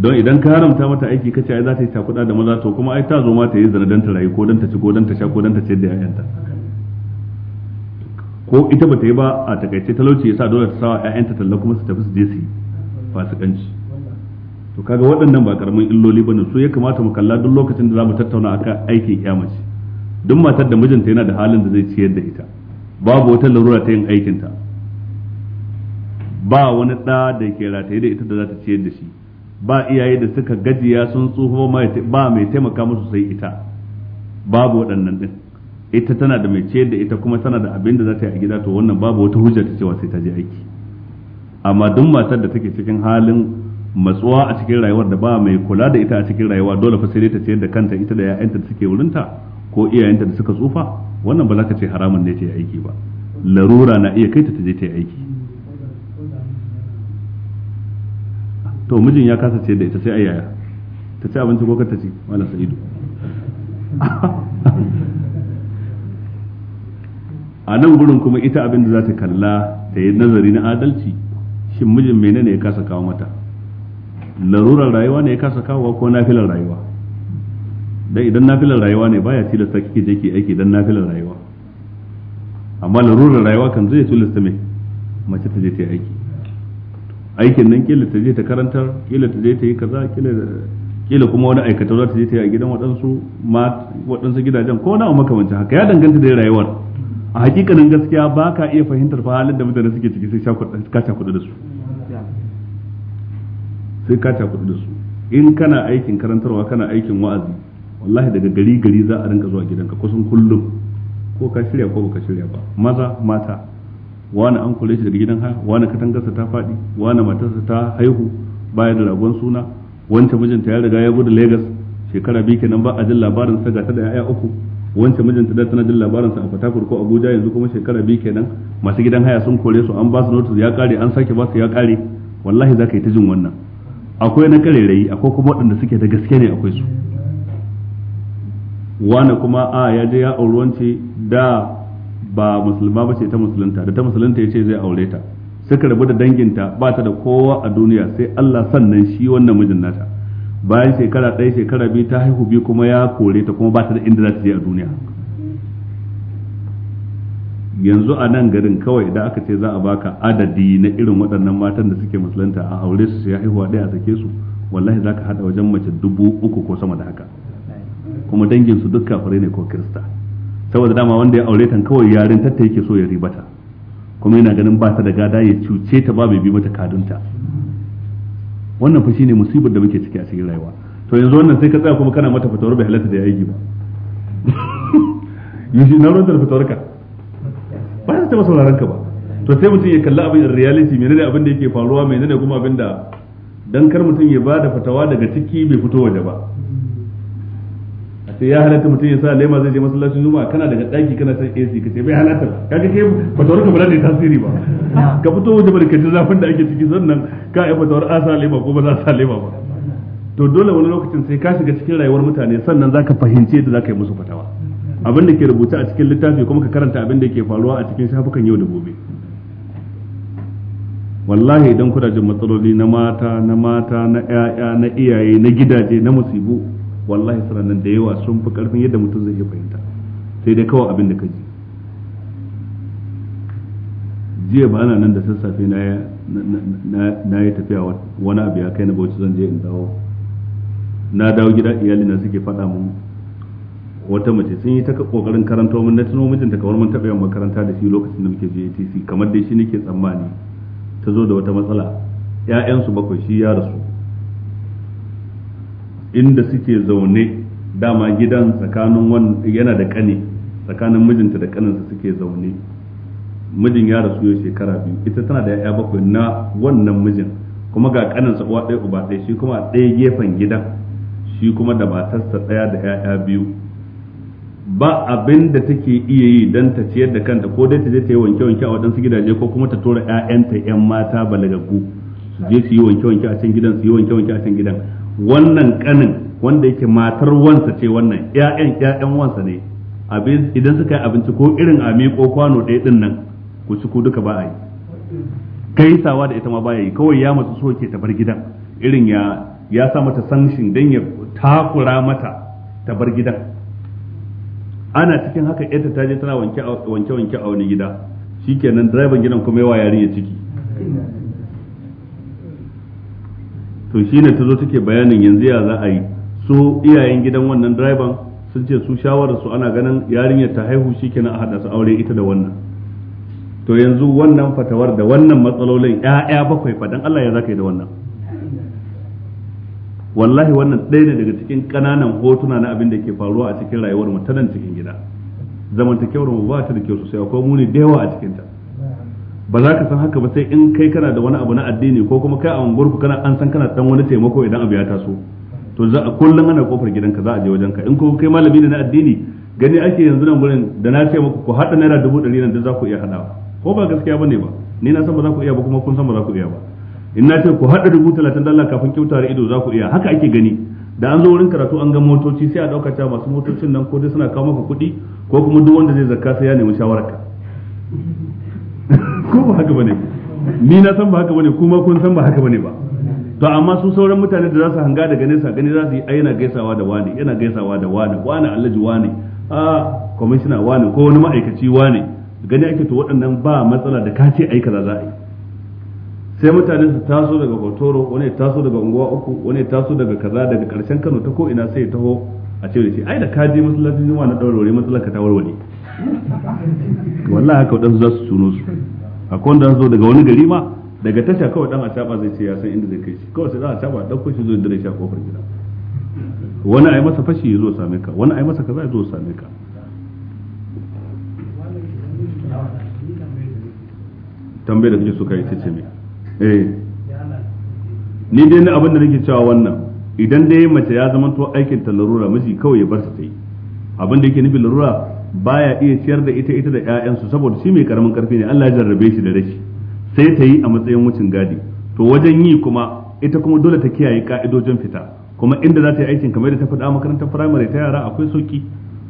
don idan ka haramta mata aiki ce ai za ta yi takuda da maza to kuma ai ta zo ma ta yi zana don ta rayu ko don ta ci ko don ta sha ko don ta ciyar da 'ya'yanta ko ita ba ta yi ba a takaice talauci sa dole ta sa 'ya'yanta talla kuma su tafi su je su yi fasikanci to kaga waɗannan ba karamin illoli bane so ya kamata mu kalla duk lokacin da zamu tattauna akan aikin kiyamaci duk matar da mijinta yana da halin da zai ciyar da ita babu wata larura ta yin aikin ta ba wani ɗa da ke rataye da ita da za ta ciyar da shi ba iyaye da suka gajiya sun tsufa ba mai taimaka musu sai ita babu waɗannan din ita tana da mai ciyar da ita kuma tana da abin da za ta yi a gida to wannan babu wata hujja ta cewa sai ta je aiki amma duk matar da take cikin halin matsuwa a cikin rayuwar da ba mai kula da ita a cikin rayuwa dole fa sai ta ce da kanta ita da ya'yanta da suke wurinta ko iyayenta da suka tsufa wannan ba za ka ce haramun ne ta yi aiki ba larura na iya kai ta je ta yi aiki to mijin ya kasa da ita sai a ta ci abinci ko ta ci malam sa'idu a nan gurin kuma ita abin da za ta kalla ta yi nazari na adalci shin mijin menene ya kasa kawo mata larurar rayuwa ne ya kasa kawowa ko nafilar rayuwa dan idan nafilar rayuwa ne baya tilasta kike je ki aiki dan nafilar rayuwa amma larurar rayuwa kan zai tilasta mai mace ta je ta aiki aikin nan kila ta je ta karantar kila ta je ta yi kaza kila kila kuma wani aikata za ta je ta yi a gidan waɗansu waɗansu gidajen ko na makamancin haka ya danganta da rayuwar a hakikanin gaskiya ba ka iya fahimtar fa halin da mutane suke ciki sai ka cakuɗa da su sai ka takudu da su in kana aikin karantarwa kana aikin wa'azi wallahi daga gari gari za a rinka zuwa gidanka kusan kullum ko ka shirya ko baka shirya ba maza mata wani an kore shi daga gidan haya wani katangarsa ta faɗi wani matarsa ta haihu baya da ragon suna wancan mijinta ya riga ya gudu Legas shekara biyu kenan ba a jin labarin sa ga da yaya uku wancan mijinta da tana jin labarin sa a Fatakur ko Abuja yanzu kuma shekara biyu kenan masu gidan haya sun kore su an ba su notice ya kare an sake ba su ya kare wallahi zaka yi ta jin wannan akwai na karerai akwai kuma waɗanda suke da gaske ne akwai su wani kuma a ya je ya auri wance da ba musulma ba ce ta musulunta da ta musulunta ya ce zai aure ta suka rabu da danginta ba ta da kowa a duniya sai Allah sannan shi wannan mijin nata bayan shekara ɗaya shekara biyu ta haihu biyu kuma ya kore ta kuma ba ta da inda za ta je a duniya yanzu a nan garin kawai idan aka ce za a baka adadi na irin waɗannan matan da suke musulunta a aure su ya haihuwa ɗaya a sake su wallahi za ka haɗa wajen mace dubu uku ko sama da haka kuma dangin su duk kafirai ne ko kirista saboda dama wanda ya aure ta kawai yarin tatta yake so ya ribata kuma yana ganin ba ta da gada ya cuce ta ba bai bi mata kadunta wannan fa shine musibar da muke ciki a cikin rayuwa to yanzu wannan sai ka tsaya kuma kana mata fatawar bai halatta da ya yi ba yushi na rantar fatawar ka ba za ta taɓa sauraron ka ba to sai mutum ya kalla abin reality menene abin da yake faruwa menene kuma abin da dan kar mutum ya bada fatawa daga ciki bai fito waje ba a ce ya halatta mutum ya sa lema zai je masallacin zuma kana daga daki kana san AC ka ce bai halatta ga ke fatawar ka ba za tasiri ba ka fito waje ba ka ji zafin da ake ciki sannan ka yi fatawar a sa lema ko ba za a sa lema ba to dole wani lokacin sai ka shiga cikin rayuwar mutane sannan zaka fahimci yadda zaka yi musu fatawa abin da ke rubuta a cikin littafi kuma ka karanta abin da ke faruwa a cikin shafukan yau da gobe wallahi idan kuna jin matsaloli na mata na mata na ƴaƴa na iyaye na gidaje na musibu wallahi sanannan da yawa sun fi karfin yadda mutum zai iya fahimta sai dai kawai abin da ka ji jiya ba ana nan da sassafe na yi tafiya wani abu ya kai na bauchi zan je in dawo na dawo gida iyali na suke faɗa mun wata mace sun yi ta kokarin karanto mun na tuno mijinta kamar mun taɓa yawan makaranta da shi lokacin da muke JTC kamar dai shi nake tsammani ta zo da wata matsala 'ya'yansu bakwai shi ya rasu inda suke zaune dama gidan tsakanin yana da ƙane tsakanin mijinta da ƙaninsa suke zaune mijin ya rasu yau shekara biyu ita tana da ya'ya bakwai na wannan mijin kuma ga kaninsa uwa ɗaya uba ɗaya shi kuma ɗaya gefen gidan shi kuma da matarsa ɗaya da ya'ya biyu ba abin da take iya yi don ta ciyar da kanta ko dai ta je ta yi wanke-wanke a waɗansu gidaje ko kuma ta tura 'ya'yanta 'yan mata balagaggu su je su yi wanke-wanke a can gidan su yi wanke-wanke a can gidan wannan kanin wanda yake matar wansa ce wannan 'ya'yan 'ya'yan wansa ne idan suka yi abinci ko irin a miƙo kwano ɗaya ɗin nan ku ci ku duka ba a yi sawa da ita ma baya yi kawai ya masu so ke tabar gidan irin ya ya sa mata sanshin dan ya takura mata tabar gidan ana cikin haka yadda ta je tana wanke wanke a wani gida shikenan direban gidan kuma yawa yarinya ciki to shi ne ta zo take bayanin yanzu ya za a yi su iyayen gidan wannan direban sun ce su shawarar su ana ganin yarinyar ta haihu shikenan a hada su aure ita da wannan to yanzu wannan fatawar da wannan matsalolin 'ya'ya bakwai fadan Allah ya zaka yi da wannan wallahi wannan ɗaya ne daga cikin ƙananan hotuna na abin da ke faruwa a cikin rayuwar mu ta nan cikin gida zamantakewar mu ba ta da kyau sosai akwai muni da yawa a cikin ta ba za ka san haka ba sai in kai kana da wani abu na addini ko kuma kai a unguwarku kana an san kana dan wani taimako idan abu ya taso to za a kullum ana kofar gidanka za a je wajenka in ko kai malami ne na addini gani ake yanzu nan gurin da na ce muku ku haɗa naira dubu ɗari nan da za ku iya haɗawa ko ba gaskiya ba ne ba ni na san ba za ku iya ba kuma kun san ba za ku iya ba in na ce ku haɗa dubu talatin da Allah kafin kyauta da ido za ku iya haka ake gani da an zo wurin karatu an ga motoci sai a ɗauka cewa masu motocin nan ko dai suna kawo maka kuɗi ko kuma duk wanda zai zakka sai ya nemi shawararka ko ba haka bane ni na san ba haka bane kuma kun san ba haka bane ba to amma su sauran mutane da za su hanga daga nesa gani za su yi ai yana gaisawa da wani yana gaisawa da wani wani allaji wani a kwamishina wani ko wani ma'aikaci wani gani ake to waɗannan ba matsala da ka ce ai kaza za a yi sai mutane su taso daga hotoro wani taso daga unguwa uku wani taso daga kaza daga karshen kano ta ko ina sai ya taho a ce da shi ai da ka je masallacin juma'a na daurare masallar ta warware wallahi haka wadansu za su suno su akwai zo daga wani gari ma daga tasha kawai dan acaba zai ce ya san inda zai kai shi kawai sai a acaba dan ko shi zo da shi a kofar gida wani ai masa fashi ya zo same ka wani ai masa kaza ya zo same ka tambayar da kake so kai ce mai eh ni dai na abin da nake cewa wannan idan dai mace ya zama to aikin ta larura miji kawai ya bar ta yi abin da yake nufi larura baya iya ciyar da ita ita da su saboda shi mai karamin karfi ne Allah ya jarrabe shi da rashi sai ta yi a matsayin wucin gadi to wajen yi kuma ita kuma dole ta kiyaye ka'idojin fita kuma inda za ta yi aikin kamar da ta faɗa makarantar firamare ta yara akwai soki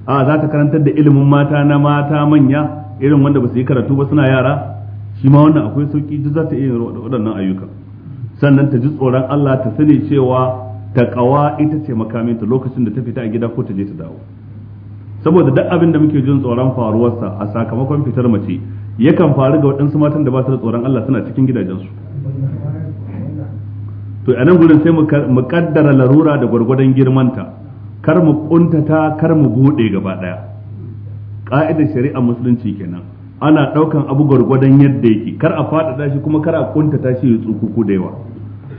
a za ta karantar da ilimin mata na mata manya irin wanda ba su yi karatu ba suna yara shi ma wannan akwai sauki duk za ta iya waɗannan ayyuka sannan ta ji tsoron Allah ta sani cewa ta ƙawa ita ce makaminta lokacin da ta fita a gida ko ta je ta dawo saboda duk abin da muke jin tsoron faruwarsa a sakamakon fitar mace yakan faru ga waɗansu matan da ba su da tsoron Allah suna cikin gidajensu to a nan gurin sai mu kaddara larura da gwargwadon girmanta kar mu kuntata kar mu buɗe gaba daya ka'idar shari'a musulunci kenan ana daukan abu gwargwadon yadda yake kar a faɗaɗa shi kuma kar a kuntata shi ya tsukuku da yawa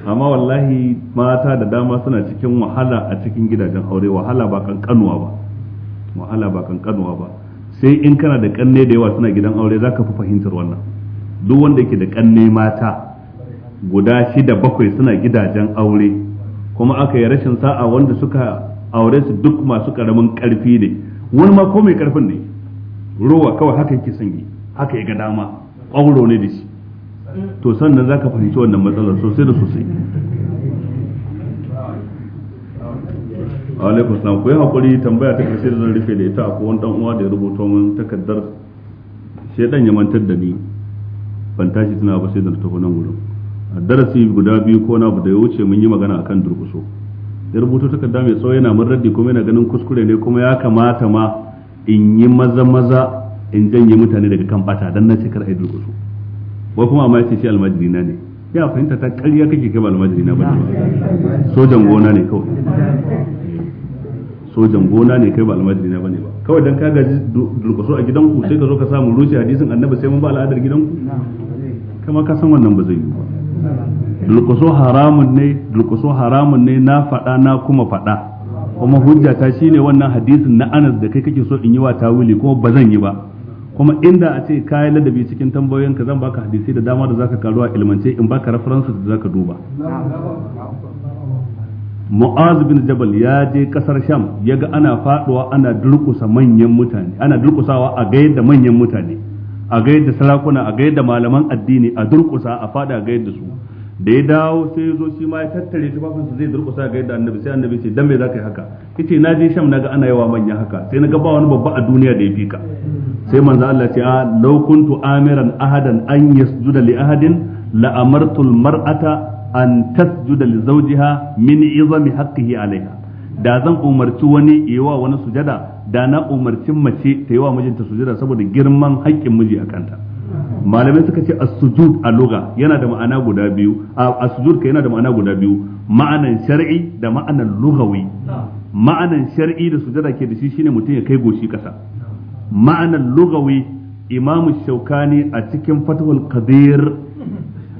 amma wallahi mata da dama suna cikin wahala a cikin gidajen aure wahala ba kankanuwa ba wahala ba kankanuwa ba sai in kana da kanne da yawa suna gidan aure zaka fi fahimtar wannan duk wanda yake da kanne mata guda shida bakwai suna gidajen aure kuma aka yi rashin sa'a wanda suka aure su duk masu karamin karfi ne wani ma ko mai karfin ne ruwa kawai haka yake sanyi haka ya dama ƙwauro ne da shi to sannan za ka fahimci wannan matsalar sosai da sosai a alaikum salam ku yi hakuri tambaya ta karshe da zan rufe da ita a wani dan uwa da ya rubuta min takardar shedan ya mantar da ni ban tashi tana ba sai da tafi nan wurin a darasi guda biyu ko na da ya wuce mun yi magana akan durkuso ya rubuto takarda mai tsawo yana mun raddi kuma yana ganin kuskure ne kuma ya kamata ma in yi maza maza in janye mutane daga kan bata dan na shekar ai kusu wai kuma amma yace shi almajiri na ne ya fahimta ta ƙarya kake kai ba almajiri na bane sojan gona ne kawai sojan gona ne kai ba almajiri na bane ba kawai dan ka gaji durkusu a gidan ku sai ka zo ka samu rushe hadisin annabi sai mun ba al'adar gidan ku kama ka san wannan ba zai yi ba durkusu haramun ne durkusu haramun ne na faɗa na kuma faɗa kuma hujja ta shine wannan hadisin na Anas da kai kake so in yi wa tawili kuma ba zan yi ba kuma inda a ce kayan ladabi cikin tambayoyin ka zan baka hadisi da dama da zaka karuwa ilmance in baka references da zaka duba Mu'az bin Jabal ya je kasar Sham yaga ana faduwa ana durkusa manyan mutane ana durkusawa a ga yadda manyan mutane a ga yadda sarakuna a ga yadda malaman addini a durkusa a fada ga yadda su da ya dawo sai ya zo shi ma ya tattare tufafinsa zai durƙusa ga yadda annabi sai annabi ce dan me za ka yi haka yace na je sham naga ana yawa manya haka sai na ga ba wani babba a duniya da ya fi ka sai manzo Allah ce a law kuntu amiran ahadan an yasjuda li ahadin la amartu al mar'ata an tasjuda li zawjiha min izami haqqihi alaiha da zan umarci wani yawa wani sujada da na umarci mace ta yawa mijinta sujada saboda girman haƙƙin miji a kanta malamai suka ce as-sujud a lugha yana da ma'ana guda biyu as-sujud ka yana da ma'ana guda biyu ma'anan shar'i da ma'anan lughawi ma'anan shar'i da sujada ke da shi shine mutum ya kai goshi kasa ma'anan lughawi imamu shaukani a cikin fatwal qadir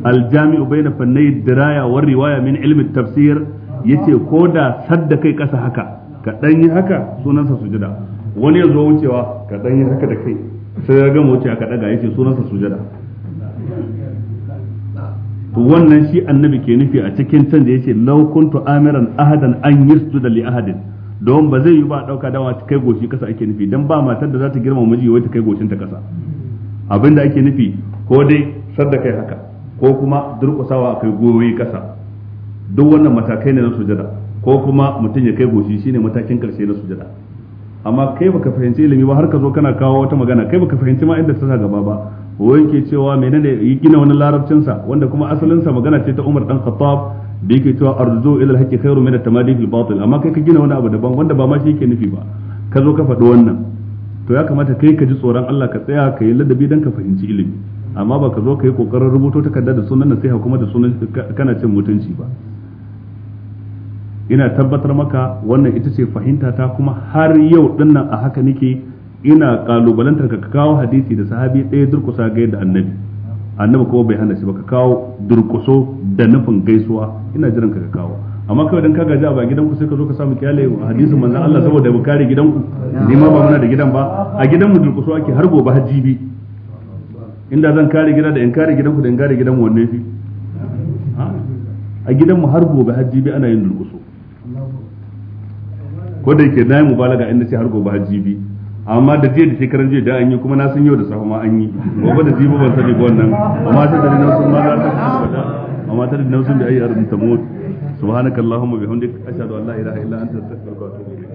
al-jami'u bayna fannay diraya wa riwaya min ilmin tafsir yace ko da sadda kai kasa haka ka dan yi haka sunansa sujada wani ya zo wucewa ka yi haka da kai sai ya gama wuce aka daga ce sunansa sujada wannan shi annabi ke nufi a cikin can da ya ce laukuntu amiran ahadan an yasjuda li ahadin don ba zai yi ba ɗauka dawa ta kai goshi kasa ake nufi dan ba matar da za ta girma miji wai ta kai goshin ta kasa abinda ake nufi ko dai sadda kai haka ko kuma durƙusawa kai goyi kasa duk wannan matakai ne na sujada ko kuma mutum ya kai goshi shine matakin karshe na sujada amma kai baka fahimci ilimi ba har ka zo kana kawo wata magana kai baka fahimci ma inda ta sa gaba ba wai ke cewa menene ya gina wani larabcinsa wanda kuma asalinsa magana ce ta Umar dan Khattab da yake cewa arzu ila alhaqi khairu min at-tamadi fil batil amma kai ka gina wani abu daban wanda ba ma shi yake nufi ba ka zo ka faɗi wannan to ya kamata kai ka ji tsoron Allah ka tsaya ka yi ladabi dan ka fahimci ilimi amma ba ka zo ka yi kokarin rubuto takarda da sunan nasiha kuma da sunan kana cin mutunci ba ina tabbatar maka wannan ita ce fahimta ta kuma har yau dinnan a haka nake ina kalubalantar ka kawo hadisi da sahabi ɗaya durkusa ga yadda annabi annabi kuma bai hana shi ba ka kawo durkuso da nufin gaisuwa ina jiran ka kawo amma kawai dan ka gaji a ba ku sai ka zo ka samu kyale hadisin manzon Allah saboda mu kare ku ni ma ba muna da gidan ba a gidan mu durkuso ake har gobe bi inda zan kare gida da in kare ku da in kare gidan wanne fi a gidan mu har gobe bi ana yin durkuso ko da yake na yi mubalaga inda ce har gobe hajji bi amma da jiya da shekaran jiya da an yi kuma na san yau da safe ma an yi gobe da jibi ban sani ba wannan amma sai da nausun ma za ta fada amma ta da nausun da ayi ta tamut subhanakallahumma bihamdika ashhadu an la ilaha illa anta astaghfiruka wa atubu ilayk